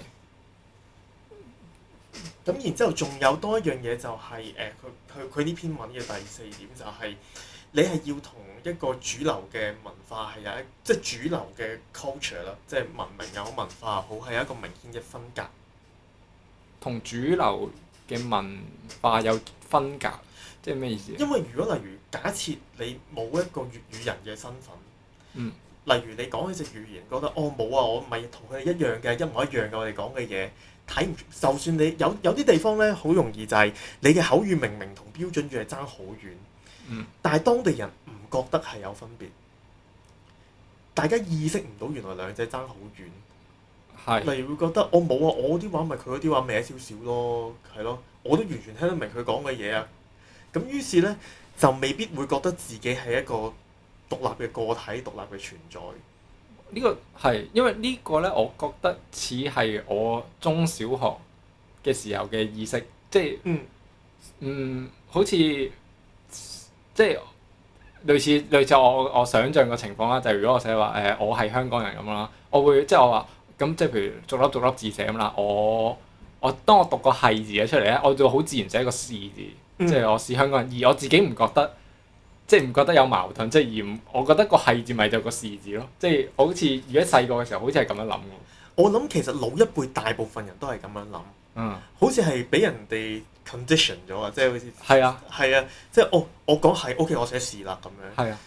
S2: 咁然之後仲有多一樣嘢就係、是、誒，佢佢佢呢篇文嘅第四點就係、是、你係要同。一個主流嘅文化係有一即係、就是、主流嘅 culture 啦，即係文明又好，文化好，係一個明顯嘅分隔，
S1: 同主流嘅文化有分隔，即係咩意思？因為如
S2: 果例如假設你冇一個粵語人嘅身份，嗯、例如你講起隻語言，覺得哦冇啊，我唔係同佢一樣嘅，一模一樣嘅我哋講嘅嘢，睇唔就算你有有啲地方咧，好容易就係你嘅口語明明同標準語係爭好遠，嗯、但係當地人。覺得係有分別，大家意識唔到原來兩者爭好遠，係例如會覺得我冇、哦、啊，我啲話咪佢嗰啲話歪少少咯，係咯，我都完全聽得明佢講嘅嘢啊。咁於是呢，就未必會覺得自己係一個獨立嘅個體、獨立嘅存在。
S1: 呢、呢個係因為呢個呢，我覺得似係我中小學嘅時候嘅意識，即係嗯，嗯，好似即係。類似類似我我想象嘅情況啦，就係如果我寫話誒，我係香港人咁啦，我會即係我話咁，即係譬如逐粒逐粒字寫咁啦，我我當我讀個係字嘅出嚟咧，我就好自然寫一個是字，即係，嗯，我是香港人，而我自己唔覺得即係唔覺得有矛盾，即係而我覺得個係字咪就個是字咯，即係好似而家細個嘅時候好似係咁樣諗
S2: 嘅。我諗其實老一輩大部分人都係咁樣諗，嗯，好似係俾人哋。Condition 咗啊，啊，即係好似係啊，係、哦、啊，即係我我講係 OK，我寫事啦咁樣。係啊，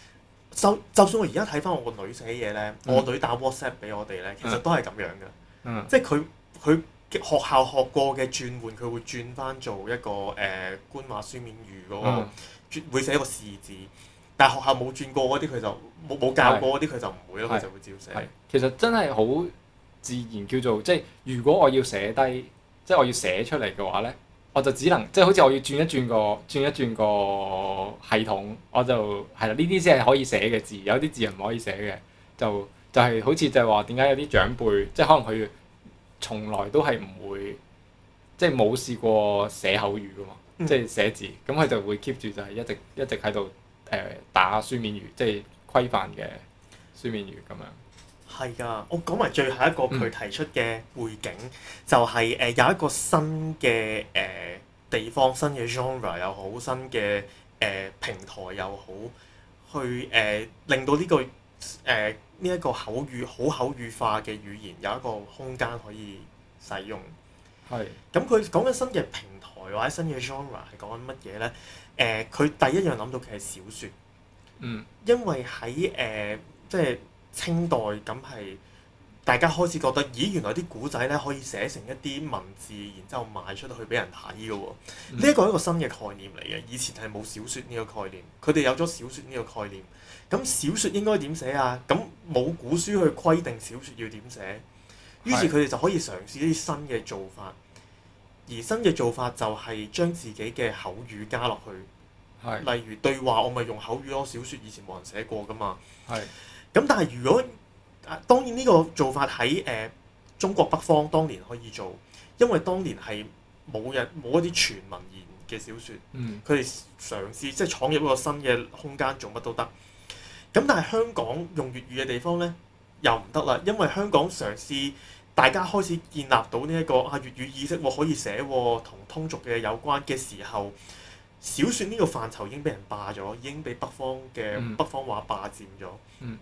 S2: 就就算我而家睇翻我個女寫嘢咧，我女、嗯、我打 WhatsApp 俾我哋咧，其實都係咁樣㗎。嗯、即係佢佢學校學過嘅轉換，佢會轉翻做一個誒官、呃、話書面語嗰個，嗯、會寫一個事字。但係學校
S1: 冇轉過嗰啲，佢就冇冇教過嗰啲，佢是就唔會咯，佢就會照寫。其實真係好自然，叫做即係如果我要寫低，即係我要寫出嚟嘅話咧。我就只能即係好似我要轉一轉個轉一轉個系統，我就係啦。呢啲先係可以寫嘅字，有啲字係唔可以寫嘅。就就係、是、好似就係話點解有啲長輩，即係可能佢從來都係唔會即係冇試過寫口語㗎嘛，嗯、即係寫字。咁佢就會 keep 住就係一直一直喺度誒打書面語，即係規範嘅書面語咁樣。
S2: 係㗎，我講埋最後一個佢提出嘅背景，嗯、就係、是、誒、呃、有一個新嘅誒、呃、地方、新嘅 genre 又好，新嘅誒、呃、平台又好，去誒、呃、令到呢、這個誒呢一個口語、好口語化嘅語言有一個空間可以使用。
S1: 係是。
S2: 咁佢講緊新嘅平台或者新嘅 genre 係講緊乜嘢咧？誒、呃，佢第一樣諗到嘅係小說。嗯。因為喺誒、呃、即係。清代咁係大家開始覺得，咦，原來啲古仔咧，可以寫成一啲文字，然之後賣出去俾人睇嘅喎。呢一個係一個新嘅概念嚟嘅，以前係冇小説呢個概念。佢哋有咗小説呢個概念，咁小説應該點寫啊？咁冇古書去規定小説要點寫，於是佢哋就可以嘗試一啲新嘅做法。而新嘅做法就係將自己嘅口語加落去，是例如對話，我咪用口語咯。小説以前冇人寫過噶嘛。咁但係，如果啊，當然呢個做法喺誒、呃、中國北方當年可以做，因為當年係冇人冇一啲全民言嘅小説，佢哋嘗試即係闖入一個新嘅空間做乜都得。咁但係，香港用粵語嘅地方咧又唔得啦，因為香港嘗試大家開始建立到呢、這、一個啊粵語意識、哦、可以寫同、哦、通俗嘅有關嘅時候，小説呢個範疇已經俾人霸咗，已經俾北方嘅、嗯、北方話霸佔咗。嗯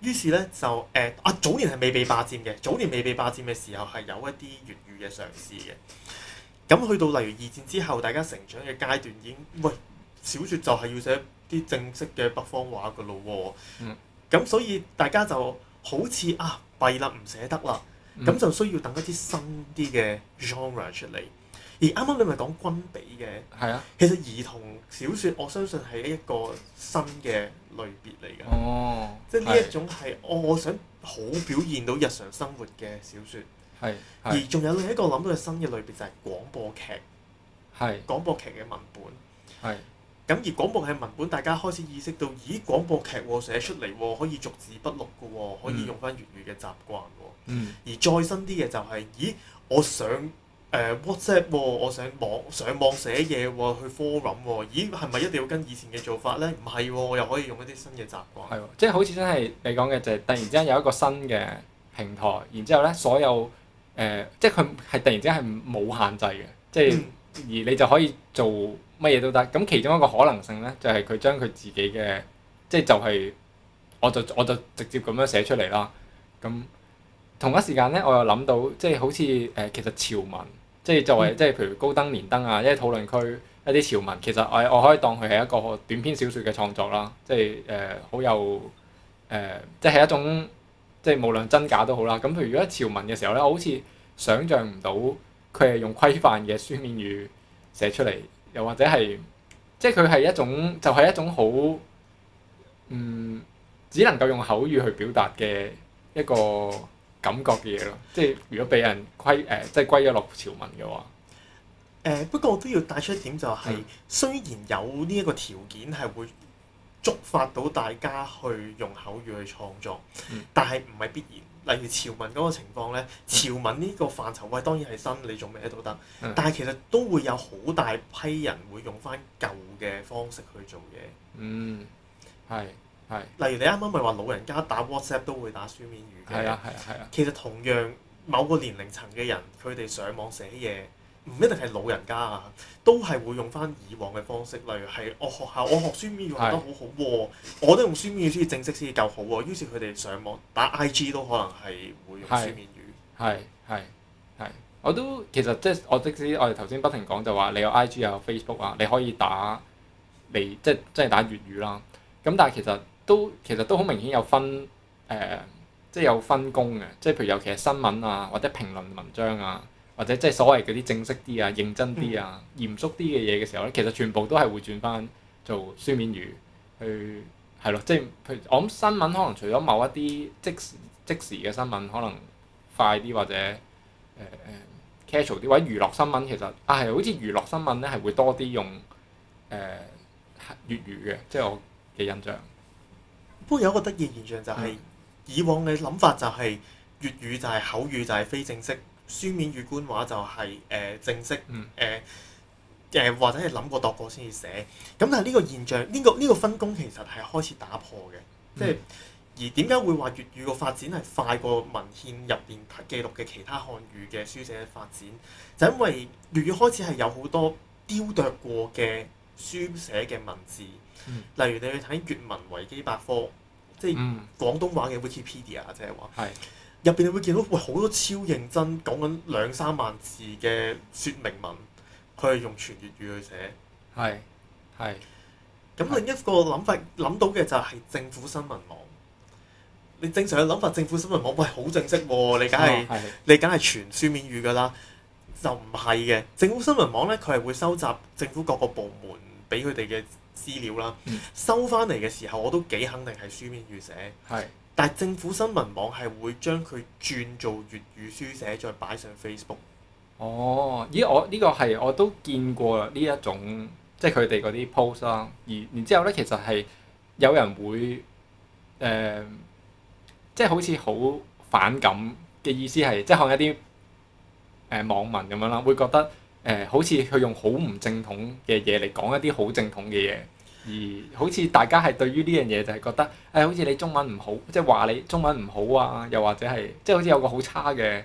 S2: 於是咧就誒啊早年係未被霸佔嘅，早年未被霸佔嘅時候係有一啲粵語嘅嘗試嘅。咁去到例如二戰之後，大家成長嘅階段已經喂，小説就係要寫啲正式嘅北方話㗎咯喎。嗯。咁所以大家就好似啊弊啦，唔捨得啦。嗯。咁就需要等一啲新啲嘅 genre 出嚟。而啱啱你咪講軍備嘅。係啊。其實兒童小説我相信係一個新嘅。類別嚟
S1: 㗎，哦、即係呢一種
S2: 係我是、哦、我想好表現到日常生活嘅小説。
S1: 係，而仲有
S2: 另一個諗到嘅新嘅類別就係廣播劇。
S1: 係是，
S2: 廣播劇嘅文本。
S1: 係是。
S2: 咁而廣播劇文本，大家開始意識到，咦，廣播劇、喎、寫出嚟、喎、可以逐字筆錄嘅、喎，可以用返粵語嘅習慣、喎。嗯。而再新啲嘅就係、是，咦，我想。誒、uh, WhatsApp、啊、我上網上網寫嘢喎、啊，去 forum 喎、啊，咦係咪一定要跟以前嘅做法咧？唔係喎，我又可以用一啲新嘅習慣，即
S1: 係好似真係你講嘅，就係、是、突然之間有一個新嘅平台，然之後咧所有誒、呃，即係佢係突然之間係冇限制嘅，即係、嗯、而你就可以做乜嘢都得。咁其中一個可能性咧，就係、是、佢將佢自己嘅，即係就係、是、我就我就直接咁樣寫出嚟啦。咁同一時間咧，我又諗到即係好似誒、呃，其實潮文。即係作為，即係譬如高登、連登啊，一啲討論區一啲潮文，其實我我可以當佢係一個短篇小說嘅創作啦。即係誒、呃、好有誒、呃，即係一種即係無論真假都好啦。咁譬如如果喺潮文嘅時候咧，我好似想像唔到佢係用規範嘅書面語寫出嚟，又或者係即係佢係一種就係、是、一種好嗯，只能夠用口語去表達嘅一個感覺嘅嘢咯，即係如果俾人歸誒、呃，即係歸咗落潮文嘅話，
S2: 誒、呃、不過我都要帶出一點就係、是，嗯、雖然有呢一個條件係會觸發到大家去用口語去創作，但係唔係必然。例如潮文嗰個情況咧，潮文呢個範疇，喂、哎、當然係新，你做咩都得，嗯、但係其實都會有好大批人會用翻舊嘅方式去做嘢。嗯，
S1: 係。例如你啱啱咪話老人
S2: 家打 WhatsApp 都會打書面語嘅，係啊係啊係啊。其實同樣某個年齡層嘅人，佢哋上網寫嘢唔一定係老人家啊，都係會用翻以往嘅方式。例如係我學校，我學書面語學得好好喎，的我都用書面語先至正式先至夠好喎。於是佢哋上網打 IG 都可能係會用書面語。
S1: 係係係，我都其實即係我即使，我哋頭先不停講就話你有 IG 啊 Facebook 啊，你可以打你即係即係打粵語啦。咁但係其實。都其實都好明顯有分誒、呃，即係有分工嘅，即係譬如尤其係新聞啊，或者評論文章啊，或者即係所謂嗰啲正式啲啊、認真啲啊、嚴肅啲嘅嘢嘅時候咧，其實全部都係會轉翻做書面語去係咯，即係譬如我諗新聞可能除咗某一啲即時即時嘅新聞可能快啲或者、呃、casual 啲，或者娛樂新聞其實啊係好似娛樂新聞咧係會多啲用誒、呃、粵語嘅，即係我嘅印象。都有一個得意現象就係、是、以往嘅諗法就係粵
S2: 語就係口語就係非正式，書面語官話就係、是、誒、呃、正式，誒、呃、誒、呃、或者係諗過度過先至寫。咁但係呢個現象，呢、這個呢、這個分工其實係開始打破嘅，即、就、係、是、而點解會話粵語嘅發展係快過文獻入邊記錄嘅其他漢語嘅書寫發展？就是、因為粵語開始係有好多雕琢過嘅書寫嘅文字。例如你去睇粵文維基百科，即係廣東話嘅 Wikipedia，即係話入邊是你會見到，哇，好多超認真，講緊兩三萬字嘅説明文，佢係用全粵語去寫。係係。咁另一個諗法諗到嘅就係政府新聞網。你正常嘅諗法，政府新聞網，喂好正式喎、啊，你梗係是你梗係全書面語㗎啦。就唔係嘅，政府新聞網咧，佢係會收集政府各個部門俾佢哋嘅。資料啦，收翻嚟嘅時候我都幾肯定係書面語寫，係是。但係政府新聞網係會將佢轉
S1: 做粵語書寫，再擺上 Facebook。哦，咦，我呢、這個係我都見過 post，呢一種即係佢哋嗰啲 post 啦。而然之後咧，其實係有人會誒、呃，即係好似好反感嘅意思係，即係可能一啲誒、呃、網民咁樣啦，會覺得。誒、呃，好似佢用好唔正統嘅嘢嚟講一啲好正統嘅嘢，而好似大家係對於呢樣嘢就係覺得，誒、哎，好似你中文唔好，即係話你中文唔好啊，又或者係即係好似有個好差嘅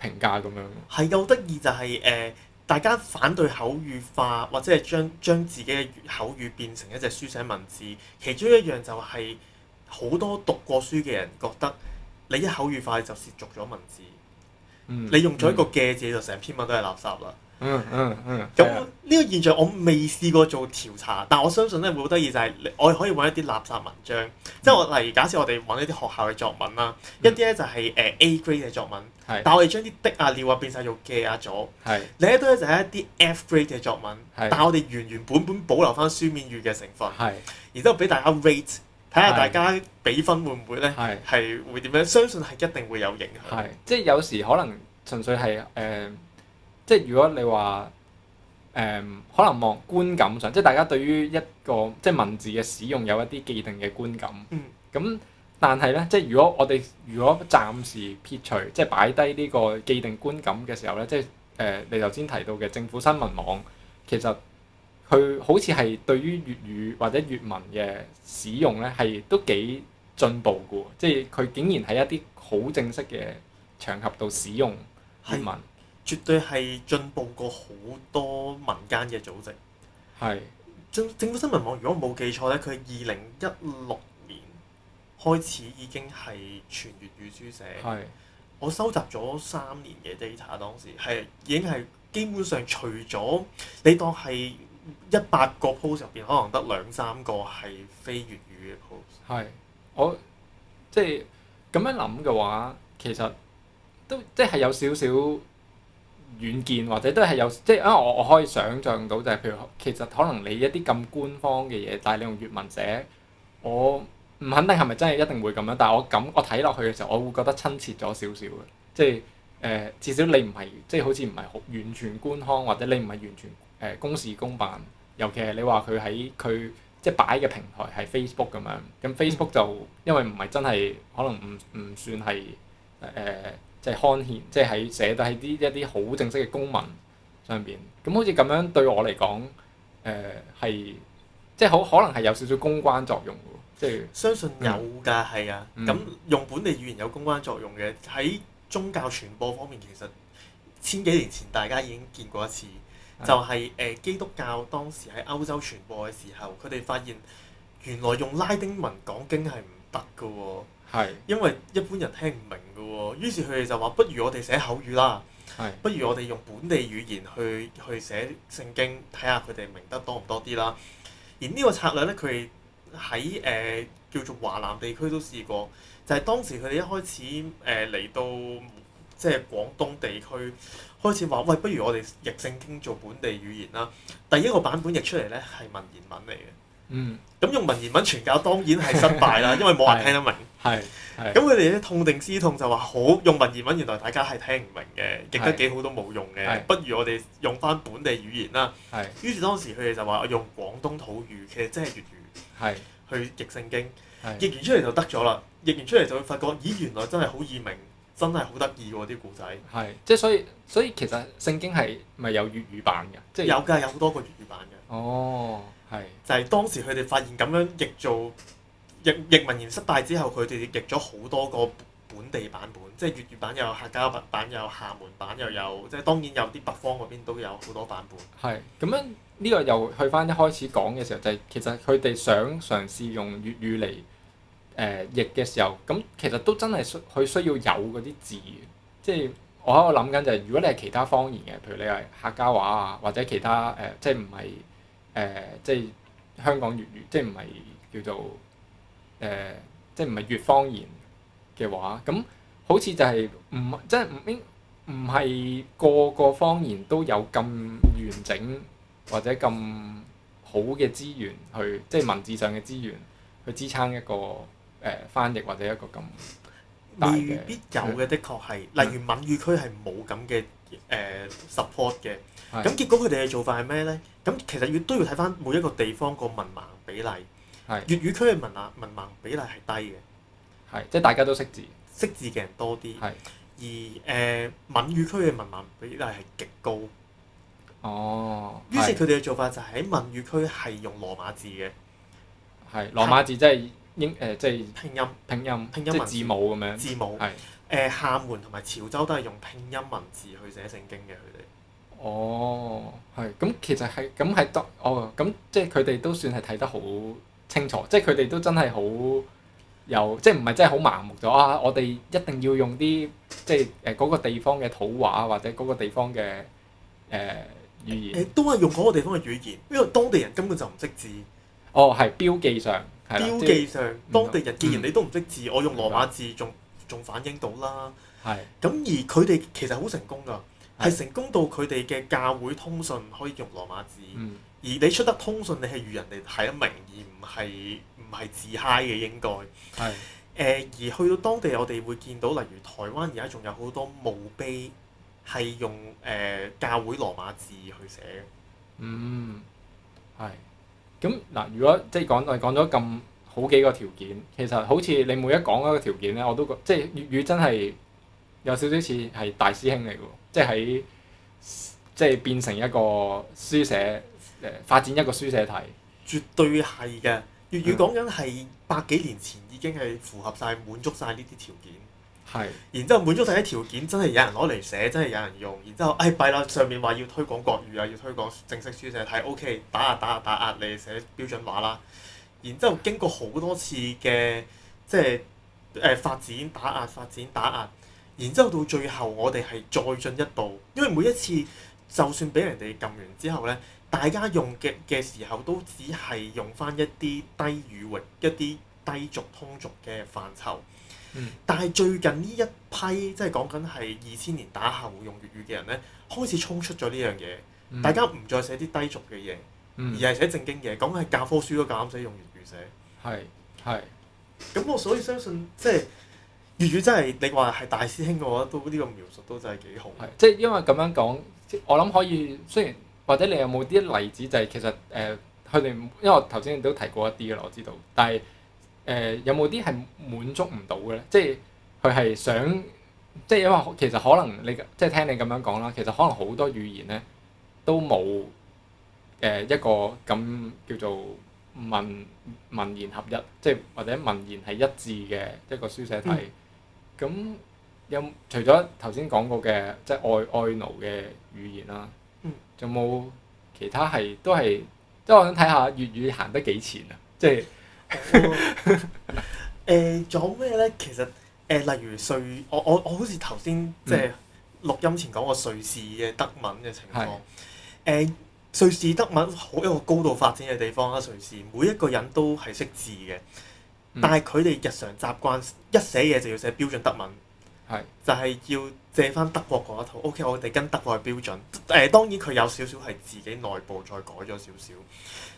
S1: 評價咁樣。係又得意就係、是、誒、呃，大家反對
S2: 口語化或者係將將自己嘅口語變成一隻書寫文字，其中一樣就係、是、好多讀過書嘅人覺得，你一口語化你就涉俗咗文字，嗯、你用咗一個嘅字、嗯、就成篇文都係垃圾啦。嗯嗯嗯，咁、嗯、呢個現象我未試過做調查，但我相信咧，會好得意，就係我哋可以揾一啲垃圾文章，即係我例如假設我哋揾一啲學校嘅作文啦，一啲咧就係誒 A grade 嘅作文，但係我哋將啲的啊、尿啊變晒做嘅啊咗，另一堆咧就係一啲 F grade 嘅作文，是但係我哋原原本本保留翻書面語嘅成分，然之後俾大家 rate
S1: 睇下大家比分會唔會咧係是是會點樣？相信係一定會有影響，即係有時可能純粹係誒。呃即係如果你話誒、呃、可能望觀感上，即係大家對於一個即係文字嘅使用有一啲既定嘅觀感。咁、嗯、但係咧，即係如果我哋如果暫時撇除，即係擺低呢個既定觀感嘅時候咧，即係誒、呃、你頭先提到嘅政府新聞網，其實佢好似係對於粵語或者粵文嘅使用咧，係都幾進步㗎。即係佢竟然喺一啲好正式嘅場合度使用粵文。絕對係進步過好多
S2: 民間嘅組織，係政是政府新聞網。如果我冇記錯咧，佢二零一六年開始已經係全粵語書寫係。是我收集咗三年嘅 data，當時係已經係基本上除咗你當係一百個 post 入邊，可能得兩三個係非粵語
S1: 嘅 post 係。我即係咁樣諗嘅話，其實都即係、即係、有少少。軟件或者都係有，即係因為我我可以想像到就係譬如其實可能你一啲咁官方嘅嘢，但係你用粵文寫，我唔肯定係咪真係一定會咁樣。但係我感我睇落去嘅時候，我會覺得親切咗少少嘅，即係誒、呃、至少你唔係即係好似唔係好完全官方，或者你唔係完全誒、呃、公事公辦。尤其係你話佢喺佢即係擺嘅平台係 Facebook 咁樣，咁 Facebook 就因為唔係真係可能唔唔算係誒。呃即係刊憲，即係喺寫得喺啲一啲好正式嘅公文上邊。咁好似咁樣對我嚟講，誒係即係好可能係有少少公關作用嘅。即、就、係、係、相信有㗎，係、嗯、啊。咁、嗯、用本地語言有公關作用嘅，喺
S2: 宗教傳播方面其實千幾年前大家已經見過一次。就係、係、誒、呃、基督教當時喺歐洲傳播嘅時候，佢哋發現原來用拉丁文講經係唔得嘅喎。係，是因為一般人聽唔明嘅喎、哦，於是佢哋就話：不如我哋寫口語啦，是不如我哋用本地語言去去寫聖經，睇下佢哋明得多唔多啲啦。而呢個策略咧，佢哋喺誒叫做華南地區都試過，就係、是、當時佢哋一開始誒嚟、呃、到即係廣東地區，開始話：喂，不如我哋譯聖經做本地語言啦。第一個版本譯出嚟咧係文言文嚟嘅，嗯，咁、嗯、用文言文傳教當然係失敗啦， [LAUGHS] 因為冇人聽得明。 [LAUGHS] 係，咁佢哋咧痛定思痛就話，好用文言文，原來大家係聽唔明嘅，譯得幾好都冇用嘅，是不如我哋用翻本地語言啦。係是，於是當時佢哋就話我用廣東土語，其實真係粵語。係是。去譯聖經，譯是完出嚟就得咗啦。譯完出嚟就會發覺，咦，原來真係好易明，真係好得
S1: 意喎啲故仔。係，即係所以，所以其實聖經係咪有粵語版嘅，就是？有㗎，有好
S2: 多個粵語版
S1: 嘅。哦。係。就係當時佢哋發現咁樣譯做。
S2: 譯譯文言失敗之後，佢哋譯咗好多個本地版本，即係粵語版又有，有客家有版又，版有廈門版，又有即係當然有啲北方嗰邊都有好多版本。
S1: 係咁樣呢個又去返一開始講嘅時候，就係、是、其實佢哋想嘗試用粵語嚟誒、呃、譯嘅時候，咁其實都真係需佢需要有嗰啲字。即係我喺度諗緊，就係如果你係其他方言嘅，譬如你係客家話啊，或者其他誒、呃，即係唔係誒，即係香港粵語，即係唔係叫做。誒、呃，即係唔係粵方言嘅話，咁好似就係唔，即係唔應，唔係個個方言都有咁完整或者咁好嘅資源去，即係文字上嘅資源去支撐一個誒、呃、翻譯或者一個咁但
S2: 未必有嘅，嗯、的確係，例如閩語區係冇咁嘅誒 support 嘅，咁是的 結果佢哋嘅做法係咩咧？咁其實要都要睇翻每一個地方個文盲比例。粵語區嘅文盲文盲比例係低嘅，係即係大家都識字，識字嘅人多啲。係而誒閩語區嘅文盲比例係極高。哦。於是佢哋嘅做法就係喺閩語區係用羅馬字嘅。係。羅馬字即係英誒、呃，即係拼音。拼音。拼音文字。即係字母咁樣。字母。係。誒，廈門同埋
S1: 潮州都係用拼
S2: 音文字去寫聖經嘅佢哋。
S1: 哦，係咁其實係咁係當哦咁即係佢哋都算係睇得好。清楚，即係佢哋都真係好有，即係唔係真係好盲目咗啊！我哋一定要用啲即係誒嗰個地方嘅土話或者嗰個地方嘅誒、呃、語言。誒都係用嗰個地方嘅語言，因為當地人根本就唔識字。哦，係標記上，標記上當地人、嗯、既然你
S2: 都唔識字，我用羅馬字仲仲、嗯、反映到啦。係的。咁而佢哋其實好成功㗎。係成功到佢哋嘅教會通訊可以用羅馬字，嗯、而你出得通訊你得，你係與人哋睇得明而唔係唔係自嗨嘅應該係誒。嗯、而去到當地，我哋會見到，例如台灣而家仲有好多墓碑係用誒、呃、教會羅馬字去寫
S1: 嘅。嗯，係咁嗱。如果即係講到講咗咁好幾個條件，其實好似你每一講一個條件咧，我都覺即係粵語，語真係有少少似係大師兄嚟嘅喎。即係即係變成一個書寫誒、呃、發展一個書寫體。絕對係嘅，粵語講
S2: 緊係百幾年前已經係符合晒、滿足晒呢啲條件。
S1: 係。是
S2: 的 然之後滿足晒啲條件，真係有人攞嚟寫，真係有人用。然之後，哎弊啦，上面話要推廣國語啊，要推廣正式書寫體。O、OK, K，打壓打壓打壓你寫標準話啦。然之後經過好多次嘅即係誒、呃、發展打壓發展打壓。然之後到最後，我哋係再進一步，因為每一次就算俾人哋撳完之後呢，大家用嘅嘅時候都只係用翻一啲低語域，一啲低俗通俗嘅範疇。嗯。但係最近呢一批即係講緊係二千年打後用粵語嘅人呢，開始衝出咗呢樣嘢。大家唔再寫啲低俗嘅嘢，嗯。而係寫正經嘢，講緊係教科書都夠膽寫用粵語寫。係。係。咁我所以相信即係。粵語真係你話係大師兄嘅話，都呢個描述都真係幾
S1: 好。係即係因為咁樣講，我諗可以。雖然，或者你有冇啲例子，就係、是、其實誒佢哋因為我頭先都提過一啲嘅啦，我知道，但係誒、呃、有冇啲係滿足唔到嘅咧？即係佢係想即係因為其實可能你即係聽你咁樣講啦，其實可能好多語言咧都冇誒、呃、一個咁叫做文文言合一，即係或者文言係一致嘅一個書寫體。嗯咁，有除咗頭先講過嘅，即係愛愛奴嘅語言啦，仲冇、嗯、其他係都係，即係我想睇下粵語行得幾前啊，即
S2: 係。誒、哦，仲、 [LAUGHS] 呃、有咩咧？其實誒、呃，例如瑞，我我我好似頭先即係錄音前講過瑞士嘅德文嘅情況。誒、嗯呃，瑞士德文好一個高度發展嘅地方啦。瑞士每一個人都係識字嘅。但係佢哋日常習慣一寫嘢就要寫標準德文，係是就係要借翻德國嗰一套。O.K. 我哋跟德國嘅標準，誒、呃、當然佢有少少係自己內部再改咗少少，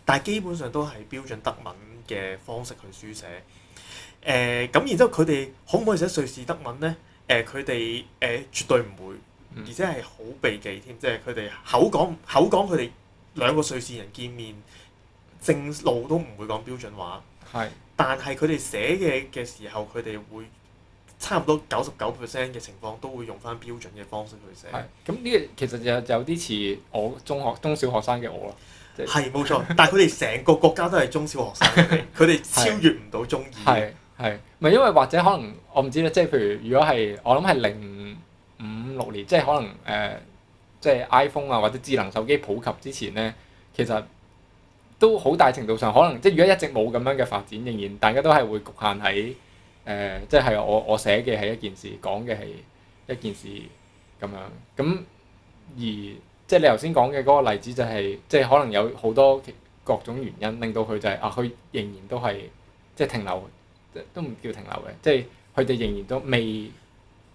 S2: 但係基本上都係標準德文嘅方式去書寫。誒、呃、咁然之後佢哋可唔可以寫瑞士德文咧？誒佢哋誒絕對唔會，而且係好避忌添，嗯、即係佢哋口講口講，佢哋兩個瑞士人見面正路都唔會講標準話。係。但係佢哋寫嘅嘅時候，佢哋會差唔多九十九 percent 嘅情況，都會用翻標準嘅方式去寫。係，
S1: 咁呢個其實就有啲似我中學中小學生嘅我囉。係冇錯， [LAUGHS] 但係佢哋成個國家都係中小學生，佢哋 [LAUGHS] 超越唔到中二嘅。係，係，咪因為或者可能我唔知咧，即係譬如如果係我諗係零五六年，即係可能誒、呃，即係 iPhone 啊或者智能手機普及之前咧，其實。都好大程度上可能，即係如果一直冇咁樣嘅發展，仍然大家都係會局限喺誒、呃、即係我我寫嘅係一件事，講嘅係一件事咁樣。咁而即係你頭先講嘅嗰個例子，就是，就係即係可能有好多各種原因令到佢就係、是、啊，佢仍然都係即係停留，都唔叫停留嘅，即係佢哋仍然都未。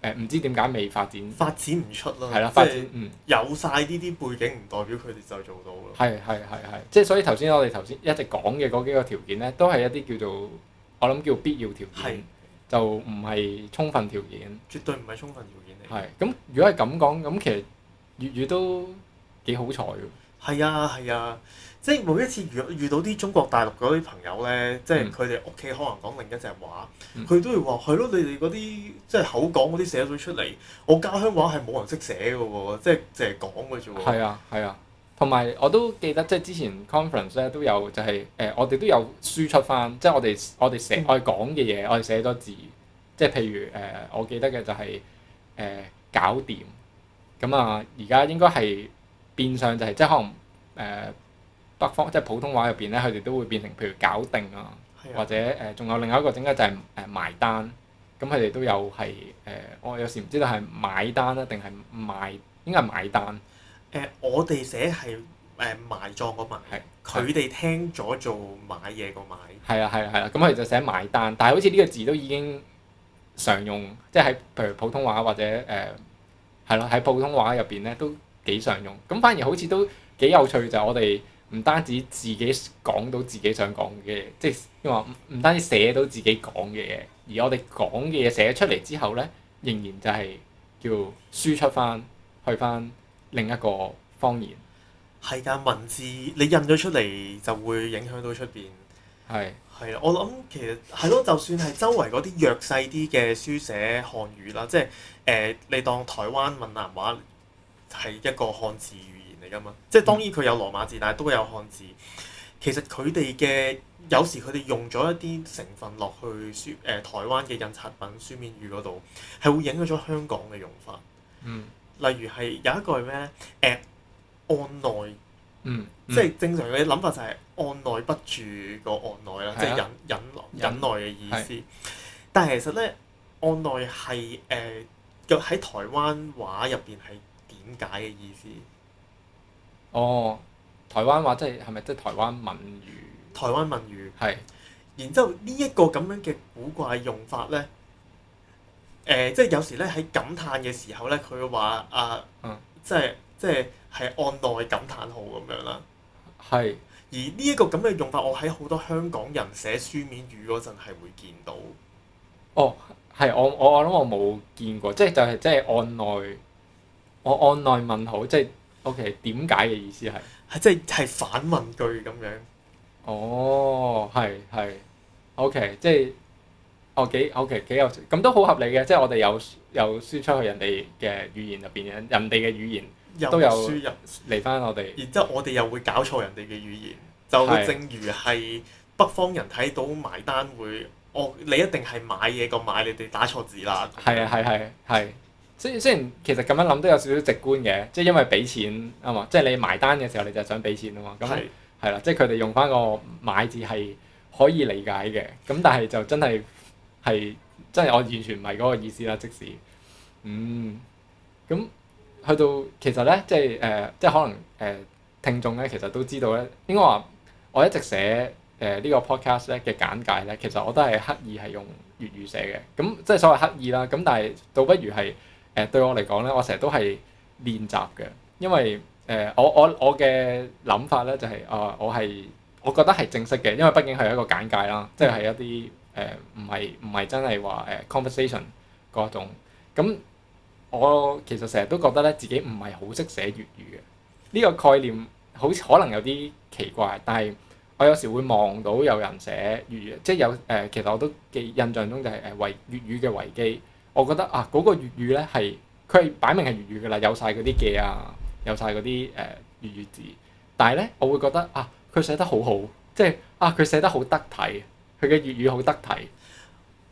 S1: 誒唔、呃、知點解未發展，發展唔出咯。係啦、啊，發展嗯
S2: 有晒呢啲背景，唔、嗯、代表佢哋就做到咯。
S1: 係係係係，即係所以頭先我哋頭先一直講嘅嗰幾個條件咧，都係一啲叫做我諗叫做必要條件，是就唔係充分條件。絕對唔係充分條件。嚟。係咁，如果係咁講，咁其實粵語都幾好彩㗎。係啊
S2: 係啊。即係每一次遇遇到啲中國大陸嗰啲朋友咧、就是，即係佢哋屋企可能講另一隻話，佢都會話，係咯，你哋嗰啲即係口講嗰啲寫咗出嚟，我
S1: 家鄉話係冇人識寫㗎喎，即係淨係
S2: 講嘅啫喎。係啊，
S1: 係啊，同埋我都記得，即係之前 conference 咧都有，就係、是、誒、呃，我哋都有輸出翻，即、就、係、是、我哋我哋寫我哋講嘅嘢，我哋寫咗字，即係譬如誒、呃，我記得嘅就係、是、誒、呃、搞掂咁啊。而家應該係變相就係、是、即係可能誒。呃北方即係普通話入邊咧，佢哋都會變成譬如搞定啊，啊或者誒，仲、呃、有另外一個整解就係、是、誒、呃、埋單。咁佢哋都有係誒、呃，我有時唔知道係買單啊定係賣，應該係買單。誒、呃，我哋寫係誒、呃、
S2: 埋葬個埋，佢哋、啊啊、聽咗做買嘢個買。
S1: 係啊係啊係啊，咁佢哋就寫買單。但係好似呢個字都已經常用，即係喺譬如普通話或者誒係咯，喺、呃啊啊、普通話入邊咧都幾常用。咁反而好似都幾有趣就係我哋。唔單止自己講到自己想講嘅，即係話唔唔單止寫到自己講嘅嘢，而我哋講嘅嘢寫出嚟之後呢，仍然就係叫輸出翻去翻另一個方言。係㗎，文
S2: 字你印咗出嚟就會影響到出邊。係是。係啊，我諗其實係咯，就算係周圍嗰啲弱勢啲嘅書寫漢語啦，即係誒、呃，你當台灣閩南話。係一個漢字語言嚟㗎嘛，即係當然佢有羅馬字，但係都有漢字。其實佢哋嘅有時佢哋用咗一啲成分落去書誒、呃、台灣嘅印刷品書面語嗰度，係會影響咗香港嘅用法。嗯，例如係有一句咩咧？誒、呃，按耐、嗯，嗯，即係正常嘅諗法就係按耐不住個按耐啦，嗯、即係忍忍耐忍耐嘅意思。係嘅。但係其實咧，按耐係誒，若、呃、喺台
S1: 灣話入邊係，點解嘅意思？哦，台灣話即係係咪即係台灣閩語？台灣閩語係。是然之後呢一個
S2: 咁樣嘅古怪用法咧，誒，即係有時咧喺感嘆嘅時候咧，佢會話啊，即係即係係按內感嘆號咁樣啦。
S1: 係是。
S2: 而呢一個咁嘅用法，我喺好多香港人寫書面語嗰陣係會見到。
S1: 哦，係我我我諗我冇見過，即係就係即係按內。我按內問號，即係 OK，點解嘅意思係？係即係反問句咁樣。哦，係係 OK，即係哦，幾 OK, OK 幾有咁都好合理嘅，即係我哋有有輸出去人哋嘅語言入邊嘅人哋嘅語言都有輸入嚟返我哋。然之後我哋又會搞錯人哋嘅語言，就正如
S2: 係北方人睇到埋單會，
S1: 是哦，你一定係買嘢個買，你哋打錯字啦。係啊，係係係。所以雖然其實咁樣諗都有少少直觀嘅，即係因為俾錢啊嘛，即係你埋單嘅時候你就想俾錢啊嘛，咁係係啦，即係佢哋用翻個買字係可以理解嘅，咁但係就真係係真係我完全唔係嗰個意思啦，即使嗯咁去到其實咧，即係誒、呃，即係可能誒、呃、聽眾咧，其實都知道咧，應該話我一直寫誒呢、呃呢個 podcast 咧嘅簡介咧，其實我都係刻意係用粵語寫嘅，咁即係所謂刻意啦，咁但係倒不如係。誒對我嚟講咧，我成日都係練習嘅，因為誒我我我嘅諗法咧就係、係、啊，我係我覺得係正式嘅，因為畢竟係一個簡介啦，即係一啲誒唔係唔係真係話誒、呃、conversation 嗰種。咁、嗯、我其實成日都覺得咧，自己唔係好識寫粵語嘅呢、這個概念，好可能有啲奇怪，但係我有時會望到有人寫粵語，即係有誒、呃，其實我都記印象中就係誒維粵語嘅維基。我覺得啊，嗰個粵語咧係佢係擺明係粵語噶啦，有晒嗰啲嘅啊，有晒嗰啲誒粵語字。但係咧，我會覺得啊，佢寫得好好，即係啊，佢寫得好得體，佢嘅粵語好得體。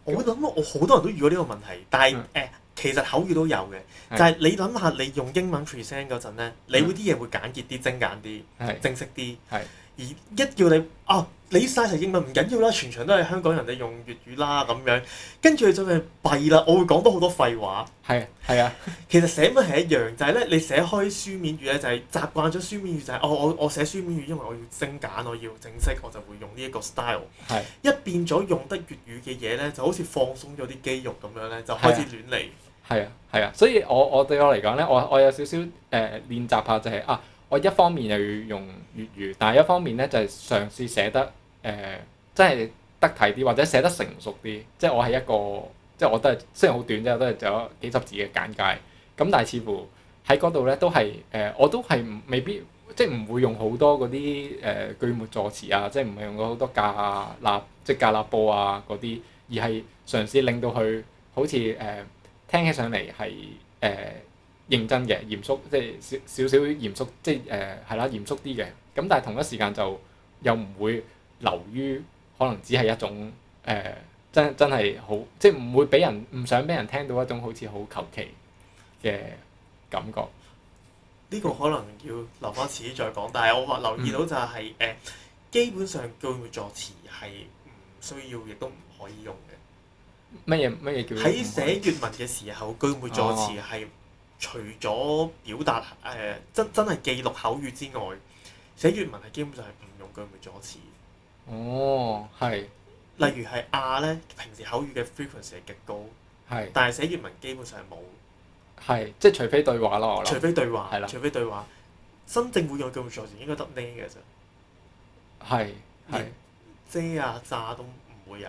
S1: 我諗我好多人都遇過呢個問題，但係誒，嗯、其實口語都有嘅，
S2: 的就係你諗下，你用英文 present 嗰陣咧，你會啲嘢會簡潔啲、精簡啲、的正式啲，而一叫你啊。哦你曬成英文唔緊要啦，全場都係香港人你用粵語啦咁樣，跟住再咪閉啦。我會講多好多廢話。係係啊，啊其實寫文係一樣，就係、是、咧，你寫開書面語咧，就係習慣咗書面語就係、是哦、我我我寫書面語，因為我要精簡，我要正式，我就會用呢一個 style。係、啊、一變咗用得粵語嘅嘢咧，就好似放鬆咗啲肌肉咁樣咧，就開始亂嚟。
S1: 係啊係啊，啊，所以我我對我嚟講咧，我我有少少誒、呃、練習下就係、是、啊，我一方面又要用粵語，但係一方面咧就係、是、嘗試寫得。誒、呃，真係得體啲，或者寫得成熟啲。即係我係一個，即係我都係雖然好短啫，我都係就幾十字嘅簡介。咁但係似乎喺嗰度咧，都係誒、呃，我都係未必，即係唔會用好多嗰啲誒句末助詞啊，即係唔係用過好多架啊，即係架立波啊嗰啲，而係嘗試令到佢好似誒、呃、聽起上嚟係誒認真嘅、嚴肅，即係少少少嚴肅，即係誒係啦，嚴肅啲嘅。咁但係同一時間就又唔會。流於可能只係一種誒、呃，真真係好，即係唔會俾人，唔想俾人聽到一種好似好求其嘅感覺。
S2: 呢個可能要留翻遲啲再講，但係我話留意到就係、是、誒，嗯、基本上句末助詞係唔需要，亦都唔可以用嘅。乜嘢乜嘢叫喺寫粵文嘅時候，句末助詞係除咗表達誒、呃、真真係記錄口語之外，寫粵文係基本上係唔用句末助詞。
S1: 哦，係。例如係亞咧，
S2: 平時口語嘅 frequency 係極高，
S1: 係是，但
S2: 係寫粵文基本上冇。
S1: 係，即係除非對話咯，我諗想。除非對話，係啦的，除非對話。
S2: 新政府用嘅句子應該得呢嘅啫。
S1: 係，係。
S2: 遮啊炸、啊啊、都唔
S1: 會有。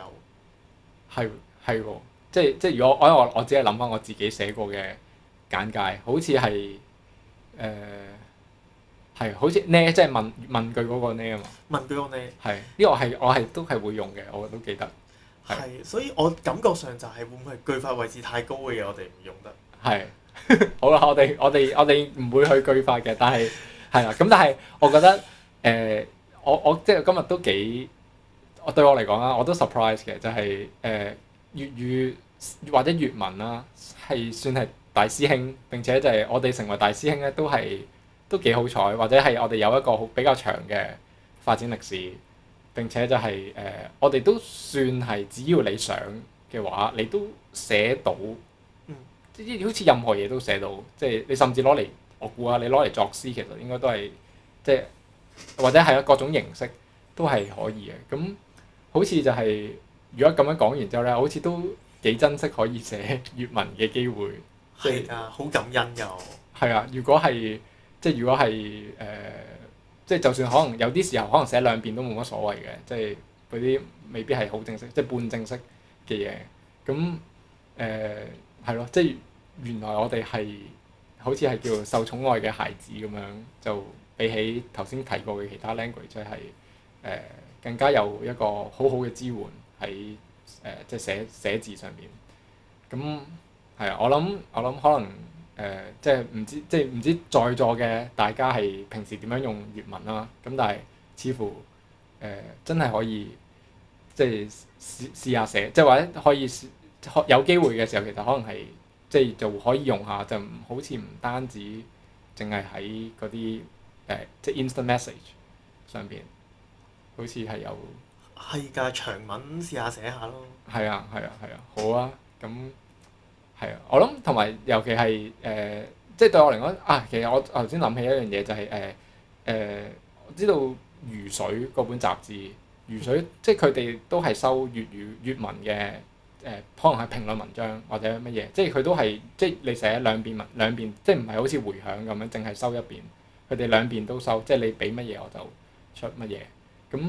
S1: 係係喎，即係即係，如果我我我只係諗返我自己寫過嘅簡介，好似係誒。呃係，好似呢，即係問問句嗰個呢啊嘛？問句、嗰個、問句嗰個呢？係呢個係我係都係會用嘅，我都記得。係，
S2: 所以我感覺上就係會唔會句法位置太高嘅嘢，我哋唔用得。
S1: 係是。 [LAUGHS] 好啦，我哋我哋我哋唔會去句法嘅，但係係啦。咁但係我覺得誒、呃，我我即係今日都幾我對我嚟講啦，我都 surprise 嘅，就係誒粵語或者粵文啦，係算係大師兄。並且就係我哋成為大師兄咧，都係。都幾好彩，或者係我哋有一個好比較長嘅發展歷史，並且就係、是、誒、呃，我哋都算係只要你想嘅話，你都寫到，嗯、即好似任何嘢都寫到，即係你甚至攞嚟，我估啊，你攞嚟作詩其實應該都係即係，或者係啊各種形式都係可以嘅。咁好似就係、是、如果咁樣講完之後咧，好似都幾珍惜可以寫粵文嘅機會，即係好感恩又係啊！如果係即係如果係誒，即、呃、係、就是、就算可能有啲時候，可能寫兩遍都冇乜所謂嘅，即係嗰啲未必係好正式，即、就、係、是、半正式嘅嘢。咁誒係咯，即係原來我哋係好似係叫受寵愛嘅孩子咁樣，就比起頭先提過嘅其他 language，即係更加有一個好好嘅支援喺誒、呃、即係寫寫字上面。咁係啊，我諗我諗可能。誒、呃，即係唔知，即係唔知在座嘅大家係平時點樣用粵文啦、啊。咁但係似乎誒、呃，真係可以即係試試下寫，即係或者可以可有機會嘅時候，其實可能係即係就可以用下，就唔好似唔單止淨係喺嗰啲誒，即係 Instant Message 上邊，好似係有係㗎，長文試下寫下咯。係啊，係啊，係啊，啊，好啊，咁。係啊，我諗同埋，尤其係誒、呃，即係對我嚟講啊。其實我頭先諗起一樣嘢就係誒誒，我、呃呃、知道魚水嗰本雜誌魚水，即係佢哋都係收粵語粵文嘅誒、呃，可能係評論文章或者乜嘢，即係佢都係即係你寫兩邊文兩邊，即係唔係好似迴響咁樣，淨係收一邊。佢哋兩邊都收，即係你俾乜嘢我就出乜嘢。咁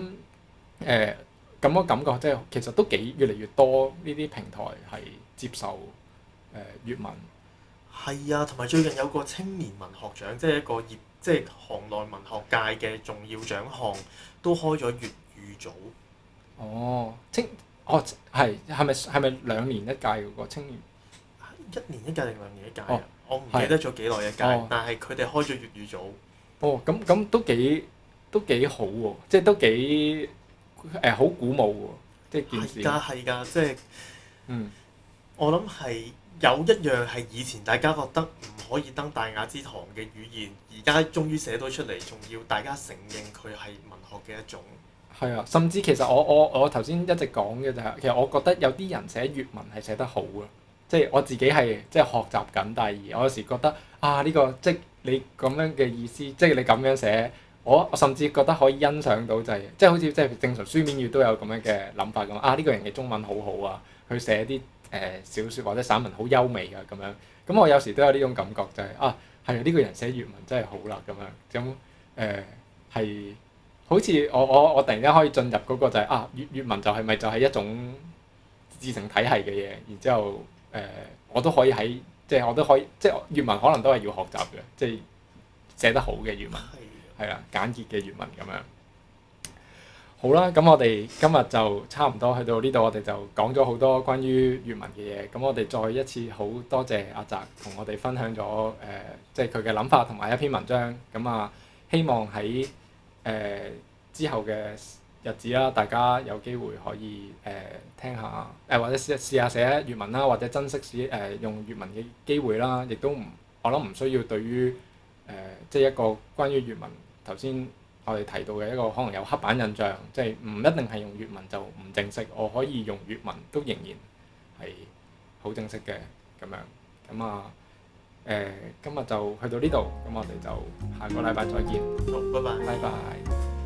S1: 誒咁嘅感覺，即係其實都幾越嚟越多呢啲平台係接受。誒粵文係啊，
S2: 同埋最近有個青年文學獎，即係一個業，即係行內文學界嘅重要
S1: 獎項，都開咗粵語組。哦，青哦係係咪係咪兩年一屆嗰個青年？一年一屆定兩年一屆啊？我唔記得咗幾耐一屆，
S2: 但係佢哋開咗粵語組。
S1: 哦，咁咁都幾都幾好喎！即係都幾誒好鼓舞喎！即係件事。係㗎，係㗎，即係嗯，
S2: 我諗係。有一樣係以前大家覺得唔可以登大雅之堂嘅語言，而家終於寫到出嚟，仲要大家承認佢係文學嘅一種。
S1: 係啊，甚至其實我我我頭先一直講嘅就係，其實我覺得有啲人寫粵文係寫得好啊，即係我自己係即係學習緊，第二，我有時覺得啊呢個即係你咁樣嘅意思，即係你咁樣寫，我甚至覺得可以欣賞到就係，即係好似即係正常書面語都有咁樣嘅諗法咁啊呢個人嘅中文好好啊，佢寫啲。誒、呃、小說或者散文好優美啊，咁樣，咁我有時都有呢種感覺就係、是、啊，係呢個人寫粵文真係好啦，咁樣，咁誒係好似我我我突然間可以進入嗰個就係、是、啊，粵粵文就係咪就係一種自成體系嘅嘢，然之後誒、呃、我都可以喺即係我都可以即係粵文可能都係要學習嘅，即係寫得好嘅粵文係啦的簡潔嘅粵文咁樣。好啦，咁我哋今日就差唔多去到呢度，我哋就講咗好多關於粵文嘅嘢。咁我哋再一次好多謝阿擇同我哋分享咗誒，即係佢嘅諗法同埋一篇文章。咁啊，希望喺誒、呃、之後嘅日子啦，大家有機會可以誒、呃、聽下誒、呃，或者試試下寫粵文啦，或者珍惜啲誒、呃、用粵文嘅機會啦。亦都唔，我諗唔需要對於誒，即、呃、係、即係、一個關於粵文頭先。我哋提到嘅一個可能有刻板印象，即係唔一定係用粵文就唔正式，我可以用粵文都仍然係好正式嘅咁樣。咁啊，誒、呃，今日就去到呢度，咁我哋就下個禮拜再見。好，拜拜。拜拜。